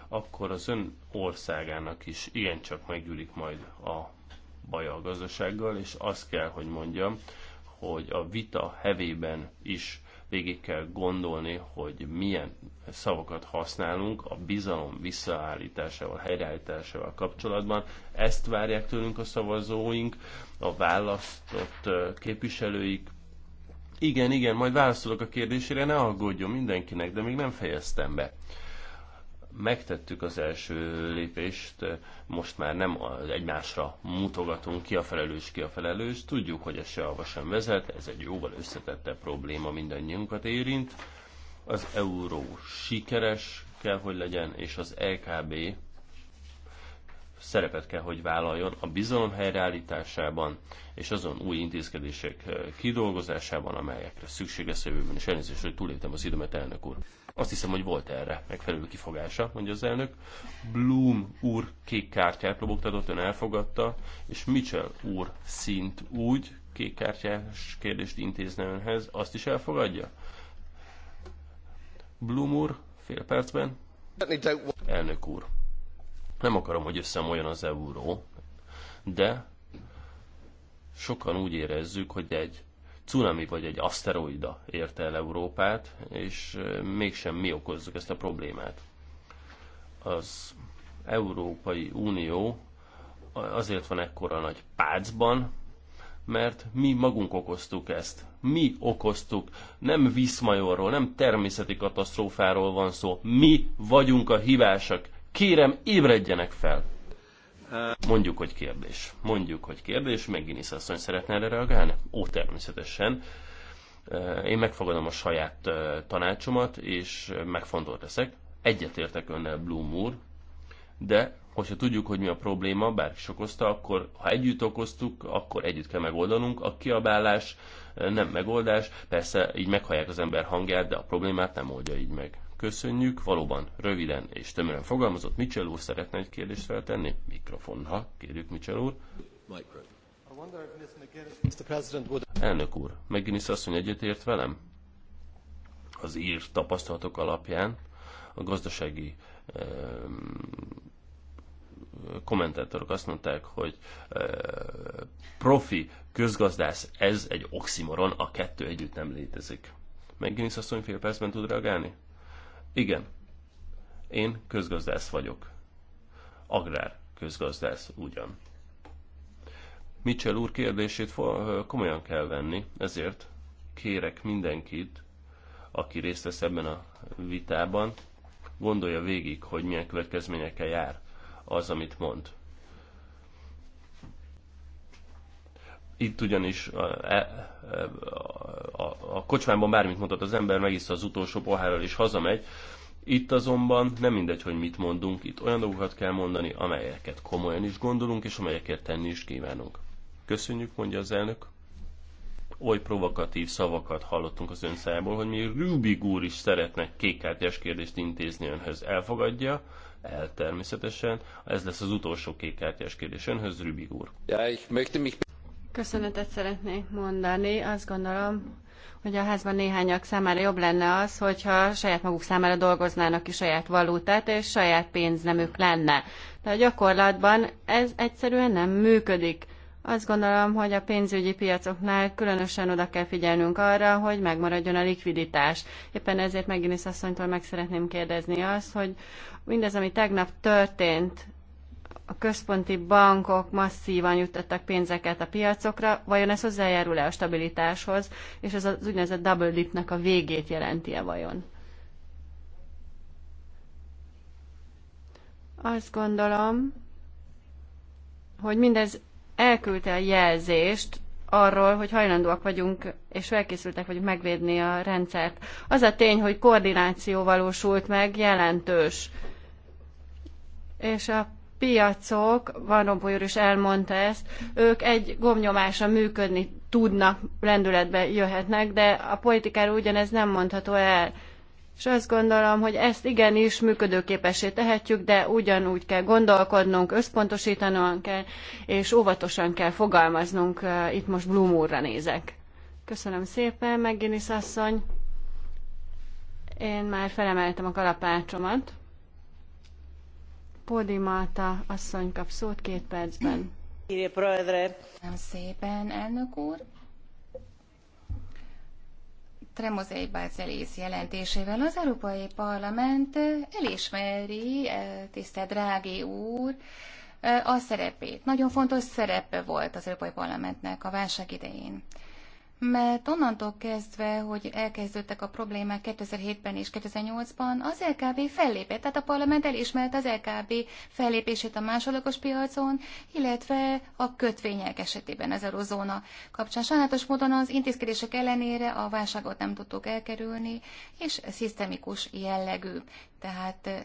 akkor az ön országának is igencsak meggyűlik majd a baja a gazdasággal, és azt kell, hogy mondjam, hogy a vita hevében is végig kell gondolni, hogy milyen szavakat használunk a bizalom visszaállításával, helyreállításával kapcsolatban. Ezt várják tőlünk a szavazóink, a választott képviselőik. Igen, igen, majd válaszolok a kérdésére, ne aggódjon mindenkinek, de még nem fejeztem be megtettük az első lépést, most már nem egymásra mutogatunk, ki a felelős, ki a felelős, tudjuk, hogy ez sehova sem vezet, ez egy jóval összetette probléma, mindannyiunkat érint. Az euró sikeres kell, hogy legyen, és az LKB szerepet kell, hogy vállaljon a bizalom helyreállításában és azon új intézkedések kidolgozásában, amelyekre szükséges szövőben, És elnézést, hogy túléltem az időmet, elnök úr. Azt hiszem, hogy volt erre megfelelő kifogása, mondja az elnök. Bloom úr kék kártyát lobogtatott, ön elfogadta, és Mitchell úr szint úgy kék kártyás kérdést intézne önhez, azt is elfogadja? Bloom úr, fél percben. Elnök úr, nem akarom, hogy összeomoljon az euró, de sokan úgy érezzük, hogy egy cunami vagy egy aszteroida érte el Európát, és mégsem mi okozzuk ezt a problémát. Az Európai Unió azért van ekkora nagy pácban, mert mi magunk okoztuk ezt. Mi okoztuk. Nem viszmajorról, nem természeti katasztrófáról van szó. Mi vagyunk a hibásak. Kérem, ébredjenek fel! Mondjuk, hogy kérdés. Mondjuk, hogy kérdés. Guinness asszony szeretne erre reagálni? Ó, természetesen. Én megfogadom a saját tanácsomat, és megfontolt leszek. Egyetértek önnel, Bloom úr, de hogyha tudjuk, hogy mi a probléma, bárki is okozta, akkor ha együtt okoztuk, akkor együtt kell megoldanunk. A kiabálás nem megoldás, persze így meghallják az ember hangját, de a problémát nem oldja így meg. Köszönjük, valóban röviden és tömören fogalmazott. Mitchell úr szeretne egy kérdést feltenni? Mikrofonha, kérjük Mitchell úr. Elnök úr, McGuinness asszony egyetért velem? Az ír tapasztalatok alapján a gazdasági eh, kommentátorok azt mondták, hogy eh, profi közgazdász, ez egy oximoron, a kettő együtt nem létezik. McGuinness asszony fél percben tud reagálni? Igen, én közgazdász vagyok. Agrár közgazdász ugyan. Mitchell úr kérdését komolyan kell venni, ezért kérek mindenkit, aki részt vesz ebben a vitában, gondolja végig, hogy milyen következményekkel jár az, amit mond. Itt ugyanis e, e, a, a, a kocsmában bármit mondhat az ember, megiszta az utolsó pohárral és hazamegy. Itt azonban nem mindegy, hogy mit mondunk, itt olyan dolgokat kell mondani, amelyeket komolyan is gondolunk, és amelyeket tenni is kívánunk. Köszönjük, mondja az elnök. Oly provokatív szavakat hallottunk az ön szájából, hogy mi Rubik úr is szeretne kékkártyás kérdést intézni önhöz. Elfogadja? El természetesen. Ez lesz az utolsó kékkártyás kérdés önhöz, Rubik úr. Ja, ich möchte mich... Köszönetet szeretnék mondani. Azt gondolom, hogy a házban néhányak számára jobb lenne az, hogyha saját maguk számára dolgoznának ki saját valutát, és saját pénznemük lenne. De a gyakorlatban ez egyszerűen nem működik. Azt gondolom, hogy a pénzügyi piacoknál különösen oda kell figyelnünk arra, hogy megmaradjon a likviditás. Éppen ezért megint is asszonytól meg szeretném kérdezni azt, hogy mindez, ami tegnap történt, a központi bankok masszívan juttattak pénzeket a piacokra, vajon ez hozzájárul-e a stabilitáshoz, és ez az úgynevezett double dipnek a végét jelenti-e vajon? Azt gondolom, hogy mindez elküldte a jelzést arról, hogy hajlandóak vagyunk és felkészültek vagyunk megvédni a rendszert. Az a tény, hogy koordináció valósult meg, jelentős. És a piacok, Van Rompuy is elmondta ezt, ők egy gomnyomásra működni tudnak, lendületbe jöhetnek, de a politikára ugyanez nem mondható el. És azt gondolom, hogy ezt igenis működőképessé tehetjük, de ugyanúgy kell gondolkodnunk, összpontosítanunk kell, és óvatosan kell fogalmaznunk. Itt most Blum úrra nézek. Köszönöm szépen, Megginis asszony. Én már felemeltem a kalapácsomat. Podimata asszony kap szót két percben. Köszönöm szépen, elnök úr. Tremozei Bácelész jelentésével az Európai Parlament elismeri, eh, tisztelt Drági úr, eh, a szerepét. Nagyon fontos szerepe volt az Európai Parlamentnek a válság idején mert onnantól kezdve, hogy elkezdődtek a problémák 2007-ben és 2008-ban, az LKB fellépett, tehát a parlament elismerte az LKB fellépését a másodlagos piacon, illetve a kötvények esetében az eurozóna kapcsán. Sajnálatos módon az intézkedések ellenére a válságot nem tudtuk elkerülni, és szisztemikus jellegű, tehát eh,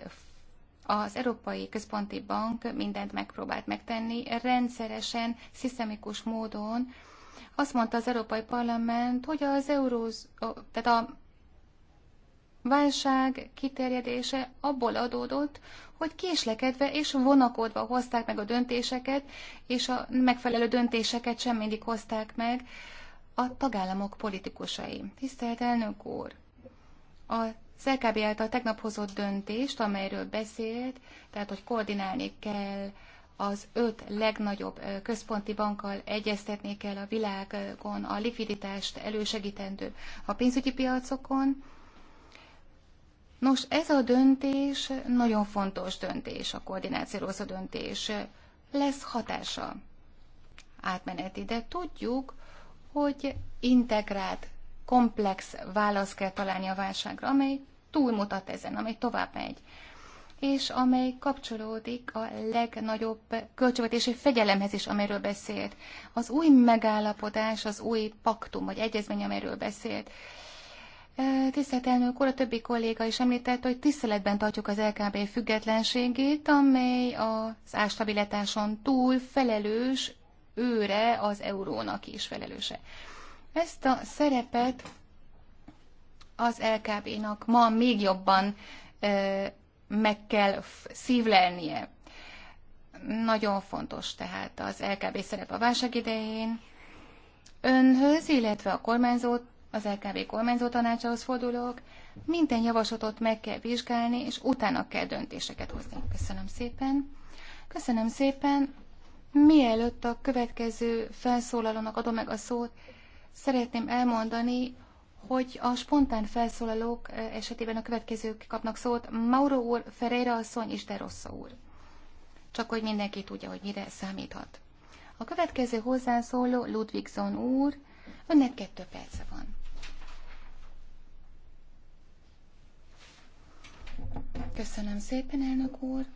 az Európai Központi Bank mindent megpróbált megtenni, rendszeresen, szisztemikus módon, azt mondta az Európai Parlament, hogy az euróz, tehát a válság kiterjedése abból adódott, hogy késlekedve és vonakodva hozták meg a döntéseket, és a megfelelő döntéseket sem mindig hozták meg a tagállamok politikusai. Tisztelt elnök úr! A LKB által tegnap hozott döntést, amelyről beszélt, tehát hogy koordinálni kell az öt legnagyobb központi bankkal egyeztetni kell a világon a likviditást elősegítendő a pénzügyi piacokon. Nos, ez a döntés nagyon fontos döntés, a koordinációhoz a döntés. Lesz hatása átmeneti, de tudjuk, hogy integrált, komplex választ kell találni a válságra, amely túlmutat ezen, amely tovább megy és amely kapcsolódik a legnagyobb költségvetési fegyelemhez is, amiről beszélt. Az új megállapodás, az új paktum vagy egyezmény, amiről beszélt. Tisztelt elnök úr, a többi kolléga is említette, hogy tiszteletben tartjuk az LKB függetlenségét, amely az ástabilitáson túl felelős őre az eurónak is felelőse. Ezt a szerepet az LKB-nak ma még jobban meg kell szívlelnie. Nagyon fontos tehát az LKB szerep a válság idején. Önhöz, illetve a kormányzó, az LKB kormányzó tanácsához fordulok. Minden javaslatot meg kell vizsgálni, és utána kell döntéseket hozni. Köszönöm szépen. Köszönöm szépen. Mielőtt a következő felszólalónak adom meg a szót, szeretném elmondani, hogy a spontán felszólalók eh, esetében a következők kapnak szót, Mauro úr, Ferreira asszony és De Rossa úr. Csak hogy mindenki tudja, hogy mire számíthat. A következő hozzászóló Ludvigson úr, önnek kettő perce van. Köszönöm szépen, elnök úr.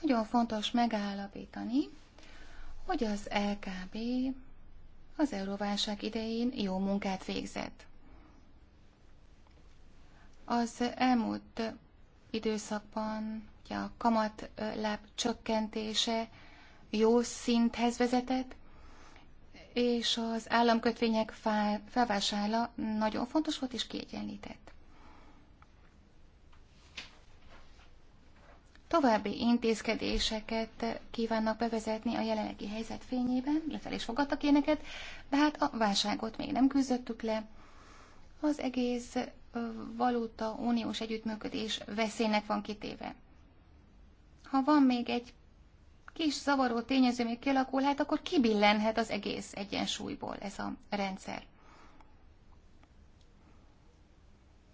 Nagyon fontos megállapítani, hogy az LKB az euróválság idején jó munkát végzett. Az elmúlt időszakban ugye a láb csökkentése jó szinthez vezetett, és az államkötvények felvásárla nagyon fontos volt és kiegyenlített. további intézkedéseket kívánnak bevezetni a jelenlegi helyzet fényében, illetve is fogadtak éneket, de hát a válságot még nem küzdöttük le. Az egész valuta uniós együttműködés veszélynek van kitéve. Ha van még egy kis zavaró tényező még hát akkor kibillenhet az egész egyensúlyból ez a rendszer.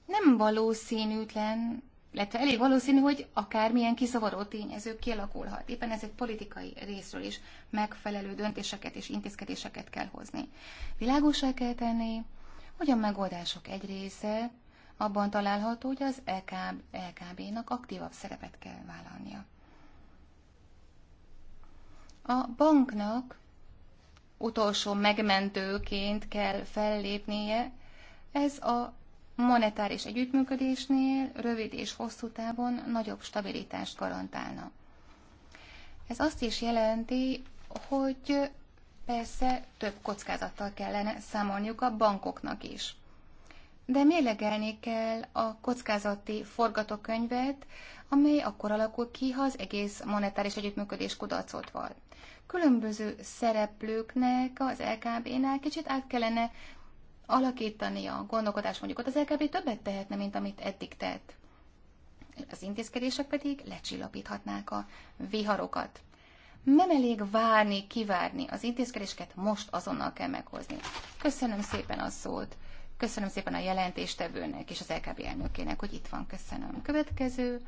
Nem valószínűtlen, illetve elég valószínű, hogy akármilyen kiszavaró tényező kialakulhat. Éppen ezért politikai részről is megfelelő döntéseket és intézkedéseket kell hozni. Világosá kell tenni, hogy a megoldások egy része abban található, hogy az LKB, LKB-nak aktívabb szerepet kell vállalnia. A banknak utolsó megmentőként kell fellépnie, ez a monetáris együttműködésnél rövid és hosszú távon nagyobb stabilitást garantálna. Ez azt is jelenti, hogy persze több kockázattal kellene számolniuk a bankoknak is. De mérlegelni kell a kockázati forgatókönyvet, amely akkor alakul ki, ha az egész monetáris együttműködés kudarcot van. Különböző szereplőknek, az LKB-nál kicsit át kellene alakítani a gondolkodás mondjuk ott az LKB többet tehetne, mint amit eddig tett. Az intézkedések pedig lecsillapíthatnák a viharokat. Nem elég várni, kivárni, az intézkedéseket most azonnal kell meghozni. Köszönöm szépen a szót, köszönöm szépen a jelentéstevőnek és az LKB elnökének, hogy itt van, köszönöm. Következő,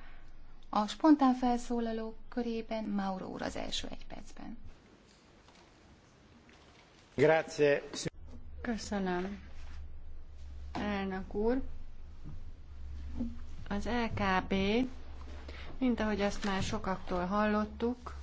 a spontán felszólalók körében Mauro úr az első egy percben. Grazie. Köszönöm. Elnök úr, az LKB, mint ahogy azt már sokaktól hallottuk,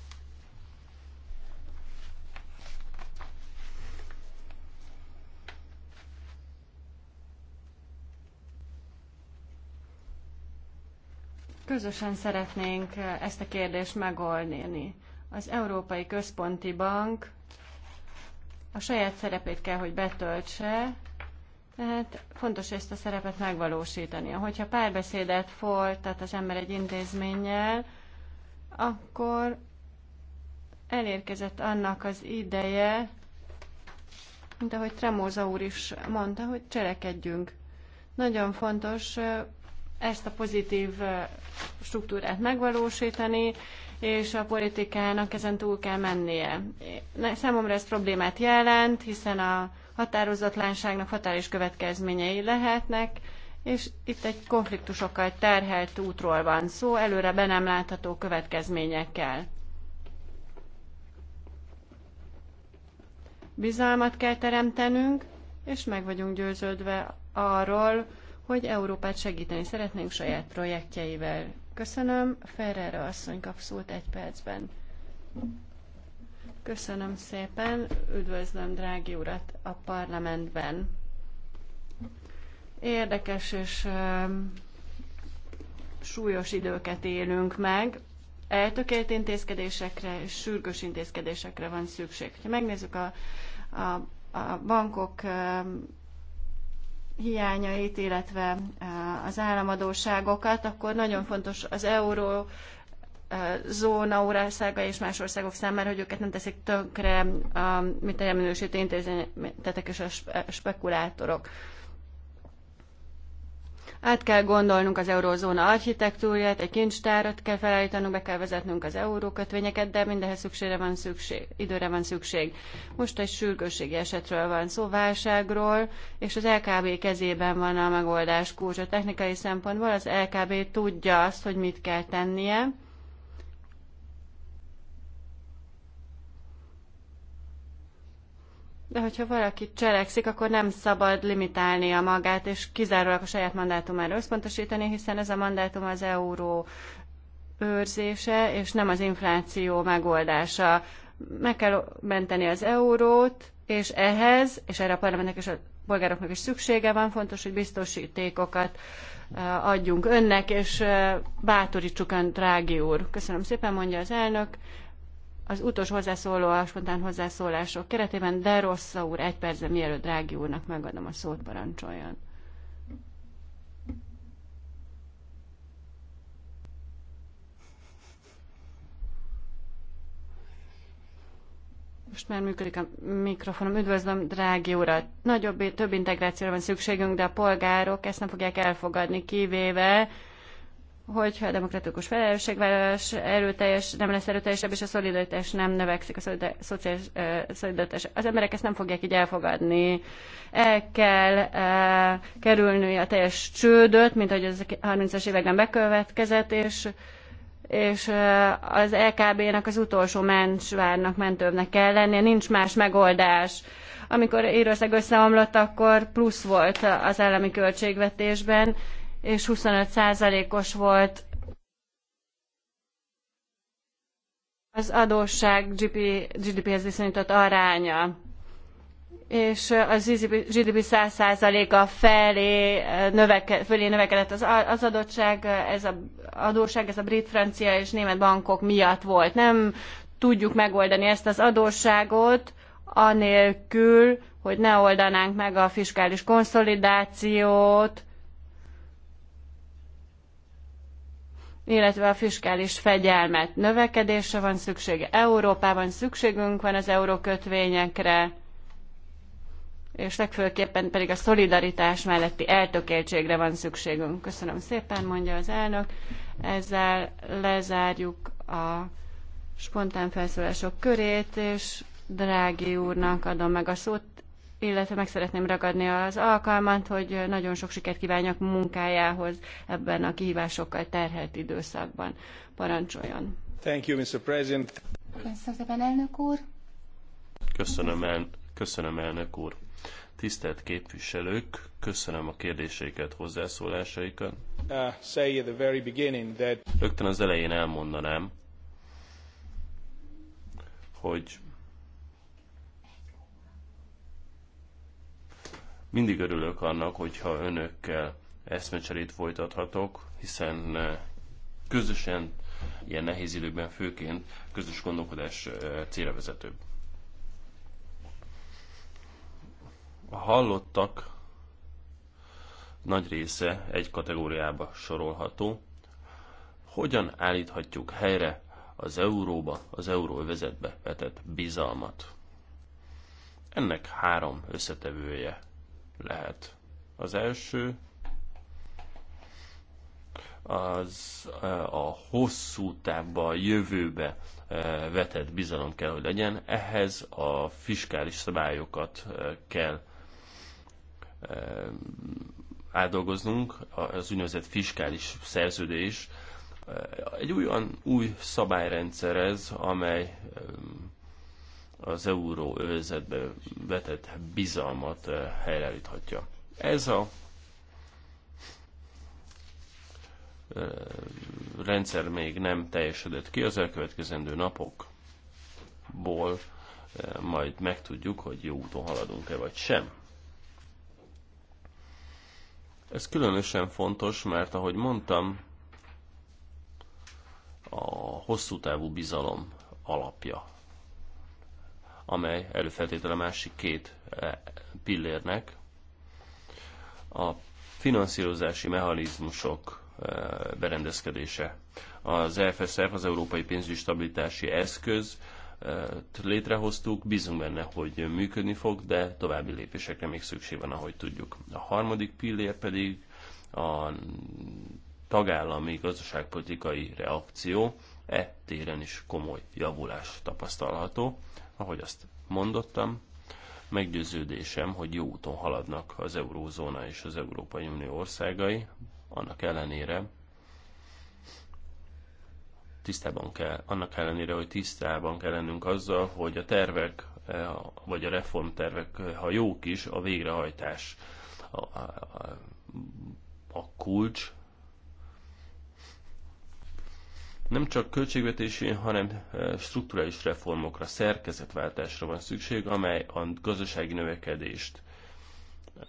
közösen szeretnénk ezt a kérdést megoldani. Az Európai Központi Bank a saját szerepét kell, hogy betöltse, tehát fontos ezt a szerepet megvalósítani. Hogyha párbeszédet folytat az ember egy intézménnyel, akkor elérkezett annak az ideje, mint ahogy Tremóza úr is mondta, hogy cselekedjünk. Nagyon fontos ezt a pozitív struktúrát megvalósítani, és a politikának ezen túl kell mennie. Számomra ez problémát jelent, hiszen a határozatlanságnak fatális következményei lehetnek, és itt egy konfliktusokkal terhelt útról van szó, előre be nem látható következményekkel. Bizalmat kell teremtenünk, és meg vagyunk győződve arról, hogy Európát segíteni szeretnénk saját projektjeivel. Köszönöm, Ferrer asszony kapszult egy percben. Köszönöm szépen, üdvözlöm drági urat a parlamentben. Érdekes és súlyos időket élünk meg. Eltökélt intézkedésekre és sürgős intézkedésekre van szükség. Ha megnézzük a, a, a bankok hiányait, illetve az államadóságokat, akkor nagyon fontos az euró zóna Országa és más országok számára, hogy őket nem teszik tönkre, mint a elminősítő intézetek és a spekulátorok. Át kell gondolnunk az eurózóna architektúrját, egy kincstárat kell felállítanunk, be kell vezetnünk az eurókötvényeket, de mindehez szükségre van szükség, időre van szükség. Most egy sürgősségi esetről van szó, válságról, és az LKB kezében van a megoldás kulcsa. Technikai szempontból az LKB tudja azt, hogy mit kell tennie, De hogyha valaki cselekszik, akkor nem szabad limitálni a magát, és kizárólag a saját mandátumára összpontosítani, hiszen ez a mandátum az euró őrzése, és nem az infláció megoldása. Meg kell menteni az eurót, és ehhez, és erre a parlamentnek és a polgároknak is szüksége van, fontos, hogy biztosítékokat e, adjunk önnek, és e, bátorítsuk ön, Drági úr. Köszönöm szépen, mondja az elnök az utolsó hozzászóló a spontán hozzászólások keretében, de rossz úr, egy percre mielőtt Drági úrnak megadom a szót, parancsoljon. Most már működik a mikrofonom. Üdvözlöm, drági urat! Nagyobb, több integrációra van szükségünk, de a polgárok ezt nem fogják elfogadni, kivéve hogyha a demokratikus felelősségvállalás erőteljes, nem lesz erőteljesebb, és a szolidaritás nem növekszik, a szociális szolidaritás. Az emberek ezt nem fogják így elfogadni. El kell e, kerülni a teljes csődöt, mint ahogy ez a 30-as években bekövetkezett, és és az lkb nak az utolsó mencsvárnak, mentőbbnek kell lennie, nincs más megoldás. Amikor Írország összeomlott, akkor plusz volt az állami költségvetésben, és 25 százalékos volt az adósság GDP-hez viszonyított aránya és az GDP 100%-a felé eh, növeke, fölé növekedett az, az adottság, ez a adósság, ez a brit, francia és német bankok miatt volt. Nem tudjuk megoldani ezt az adósságot, anélkül, hogy ne oldanánk meg a fiskális konszolidációt, illetve a fiskális fegyelmet. növekedése van szüksége Európában, szükségünk van az eurókötvényekre, és legfőképpen pedig a szolidaritás melletti eltökéltségre van szükségünk. Köszönöm szépen, mondja az elnök. Ezzel lezárjuk a spontán felszólások körét, és Drági úrnak adom meg a szót illetve meg szeretném ragadni az alkalmat, hogy nagyon sok sikert kívánjak munkájához ebben a kihívásokkal terhelt időszakban. Parancsoljon! Thank you, Mr. President. Köszönöm szépen, elnök úr! Köszönöm, el, köszönöm elnök úr! Tisztelt képviselők, köszönöm a kérdéseiket, hozzászólásaikat. Uh, say at the very beginning that... Rögtön az elején elmondanám, hogy Mindig örülök annak, hogyha önökkel eszmecserét folytathatok, hiszen eh, közösen ilyen nehéz időkben főként közös gondolkodás eh, célra vezetőbb. A hallottak nagy része egy kategóriába sorolható. Hogyan állíthatjuk helyre az euróba, az euróvezetbe vetett bizalmat? Ennek három összetevője lehet. Az első az eh, a hosszú távba, a jövőbe eh, vetett bizalom kell, hogy legyen. Ehhez a fiskális szabályokat eh, kell átdolgoznunk, az úgynevezett fiskális szerződés. Egy olyan új szabályrendszer ez, amely az euróövezetbe vetett bizalmat eh, helyreállíthatja. Ez a eh, rendszer még nem teljesedett ki, az elkövetkezendő napokból eh, majd megtudjuk, hogy jó úton haladunk-e vagy sem. Ez különösen fontos, mert ahogy mondtam, a hosszú távú bizalom alapja amely előfeltétele a másik két eh, pillérnek. A finanszírozási mechanizmusok eh, berendezkedése. Az EFSF, az Európai Pénzügyi Stabilitási Eszköz, eh, létrehoztuk, bízunk benne, hogy működni fog, de további lépésekre még szükség van, ahogy tudjuk. A harmadik pillér pedig a tagállami gazdaságpolitikai reakció, e téren is komoly javulás tapasztalható. Ahogy azt mondottam, meggyőződésem, hogy jó úton haladnak az eurózóna és az Európai Unió országai, annak ellenére, tisztában kell, annak ellenére, hogy tisztában kell lennünk azzal, hogy a tervek, eh, vagy a reformtervek, eh, ha jók is, a végrehajtás a, a, a kulcs, Nem csak költségvetési, hanem e, strukturális reformokra, szerkezetváltásra van szükség, amely a gazdasági növekedést, e,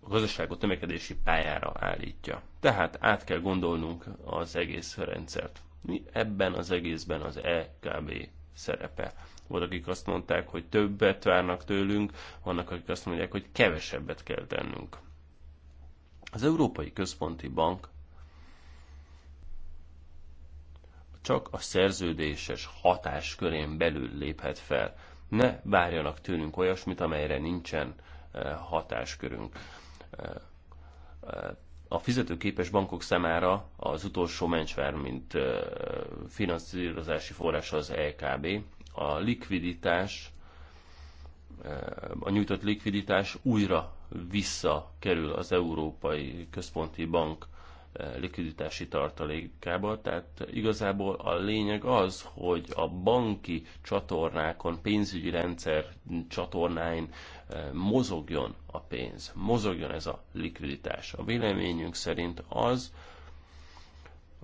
a gazdaságot növekedési pályára állítja. Tehát át kell gondolnunk az egész rendszert. Mi ebben az egészben az EKB szerepe? Volt, akik azt mondták, hogy többet várnak tőlünk, vannak, akik azt mondják, hogy kevesebbet kell tennünk. Az Európai Központi Bank csak a szerződéses hatáskörén belül léphet fel. Ne várjanak tőlünk olyasmit, amelyre nincsen eh, hatáskörünk. Eh, eh, a fizetőképes bankok számára az utolsó mencsvár, mint finanszírozási forrás az EKB. A likviditás, a nyújtott likviditás újra visszakerül az Európai Központi Bank likviditási tartalékába. Tehát igazából a lényeg az, hogy a banki csatornákon, pénzügyi rendszer csatornáin eh, mozogjon a pénz, mozogjon ez a likviditás. A véleményünk szerint az,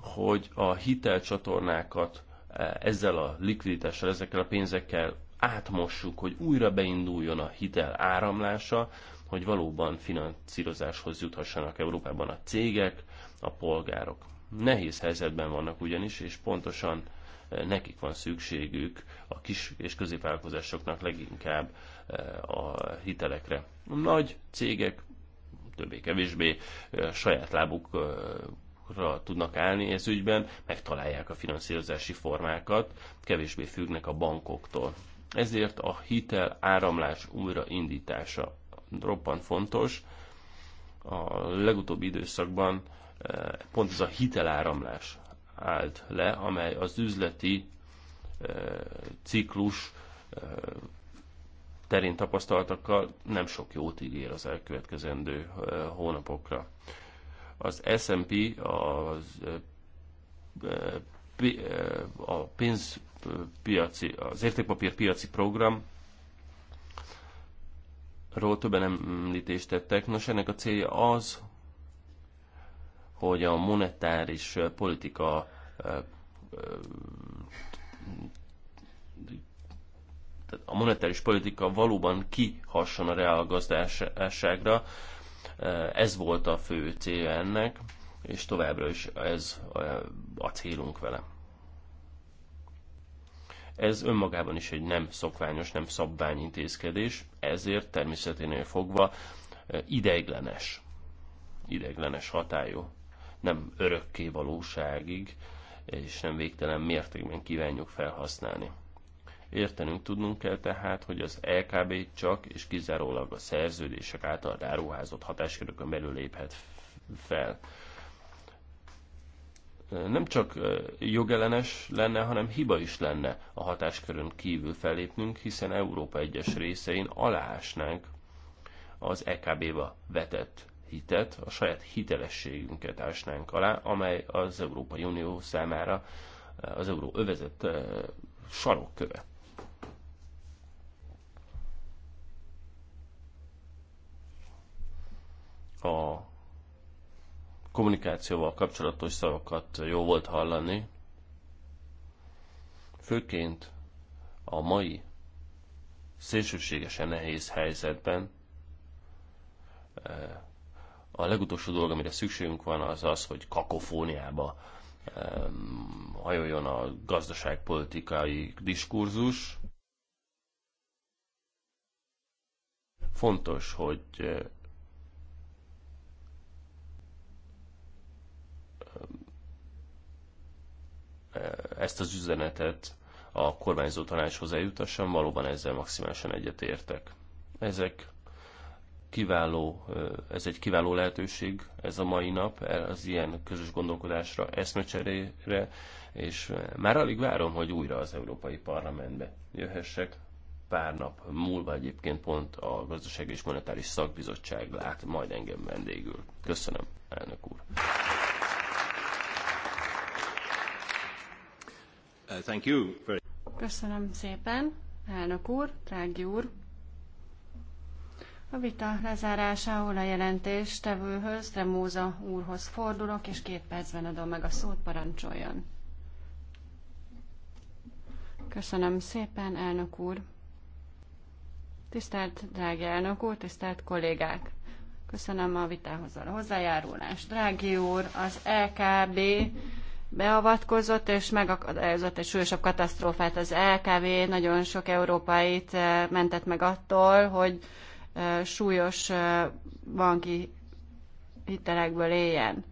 hogy a hitelcsatornákat eh, ezzel a likviditással, ezekkel a pénzekkel átmossuk, hogy újra beinduljon a hitel áramlása, hogy valóban finanszírozáshoz juthassanak Európában a cégek, a polgárok. Nehéz helyzetben vannak ugyanis, és pontosan e, nekik van szükségük a kis és középvállalkozásoknak leginkább e, a hitelekre. A nagy cégek többé-kevésbé e, saját lábukra tudnak állni ez ügyben, megtalálják a finanszírozási formákat, kevésbé függnek a bankoktól. Ezért a hitel áramlás újraindítása roppant fontos. A legutóbbi időszakban pont ez a hiteláramlás állt le, amely az üzleti ciklus terén tapasztaltakkal nem sok jót ígér az elkövetkezendő hónapokra. Az S&P az a pénzpiaci, az értékpapírpiaci program ról többen említést tettek. Nos, ennek a célja az, hogy a monetáris politika a monetáris politika valóban kihasson a reálgazdaságra. Ez volt a fő célja ennek, és továbbra is ez a célunk vele. Ez önmagában is egy nem szokványos, nem szabványintézkedés, ezért természeténél fogva ideiglenes, ideiglenes hatályú nem örökké valóságig, és nem végtelen mértékben kívánjuk felhasználni. Értenünk tudnunk kell tehát, hogy az LKB csak és kizárólag a szerződések által ráruházott hatáskörökön belül léphet fel. Nem csak jogellenes lenne, hanem hiba is lenne a hatáskörön kívül felépnünk, hiszen Európa egyes részein aláásnánk az EKB-ba vetett hitet, a saját hitelességünket ásnánk alá, amely az Európai Unió számára az euró övezet eh, sarokköve. A kommunikációval kapcsolatos szavakat jó volt hallani, főként a mai szélsőségesen nehéz helyzetben eh, a legutolsó dolog, amire szükségünk van, az az, hogy kakofóniába um, hajoljon a gazdaságpolitikai diskurzus. Fontos, hogy eh, eh, ezt az üzenetet a kormányzó tanácshoz eljutassam, valóban ezzel maximálisan egyetértek. Ezek kiváló, ez egy kiváló lehetőség, ez a mai nap, e, az ilyen közös gondolkodásra, eszmecserére, és már alig várom, hogy újra az Európai Parlamentbe jöhessek. Pár nap múlva egyébként pont a Gazdasági és Monetáris Szakbizottság lát majd engem vendégül. Köszönöm, elnök úr. Uh, thank you. Köszönöm szépen, elnök úr, drági úr. A vita lezárásául a jelentés tevőhöz, Remóza úrhoz fordulok, és két percben adom meg a szót, parancsoljon. Köszönöm szépen, elnök úr. Tisztelt drági elnök úr, tisztelt kollégák! Köszönöm a vitához a hozzájárulást. Drági úr, az LKB beavatkozott és megakadályozott egy súlyosabb katasztrófát. Az LKB nagyon sok európait eh, mentett meg attól, hogy súlyos banki hitelekből éljen.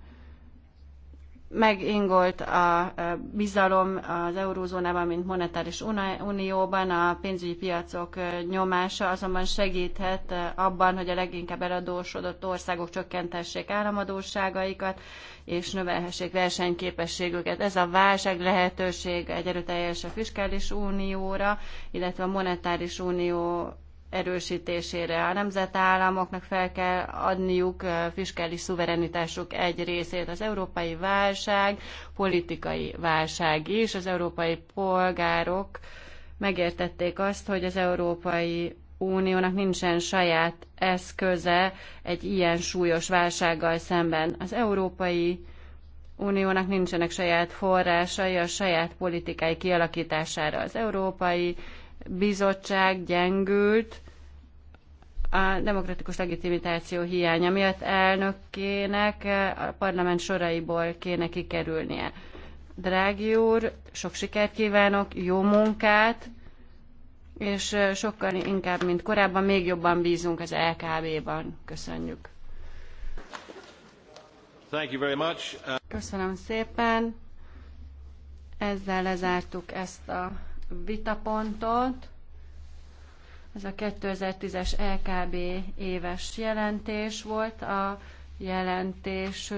Megingolt a bizalom az eurózónában, mint monetáris unióban, a pénzügyi piacok nyomása azonban segíthet abban, hogy a leginkább eladósodott országok csökkentessék államadóságaikat, és növelhessék versenyképességüket. Ez a válság lehetőség egy erőteljes a fiskális unióra, illetve a monetáris unió erősítésére. A nemzetállamoknak fel kell adniuk fiskális szuverenitásuk egy részét. Az európai válság politikai válság is. Az európai polgárok megértették azt, hogy az európai Uniónak nincsen saját eszköze egy ilyen súlyos válsággal szemben. Az Európai Uniónak nincsenek saját forrásai a saját politikai kialakítására. Az Európai bizottság gyengült a demokratikus legitimitáció hiánya miatt elnökének a parlament soraiból kéne kikerülnie. Drági úr, sok sikert kívánok, jó munkát, és sokkal inkább, mint korábban, még jobban bízunk az LKB-ban. Köszönjük. Thank you very much. Uh, Köszönöm szépen. Ezzel lezártuk ezt a vitapontot. Ez a 2010-es LKB éves jelentés volt. A jelentés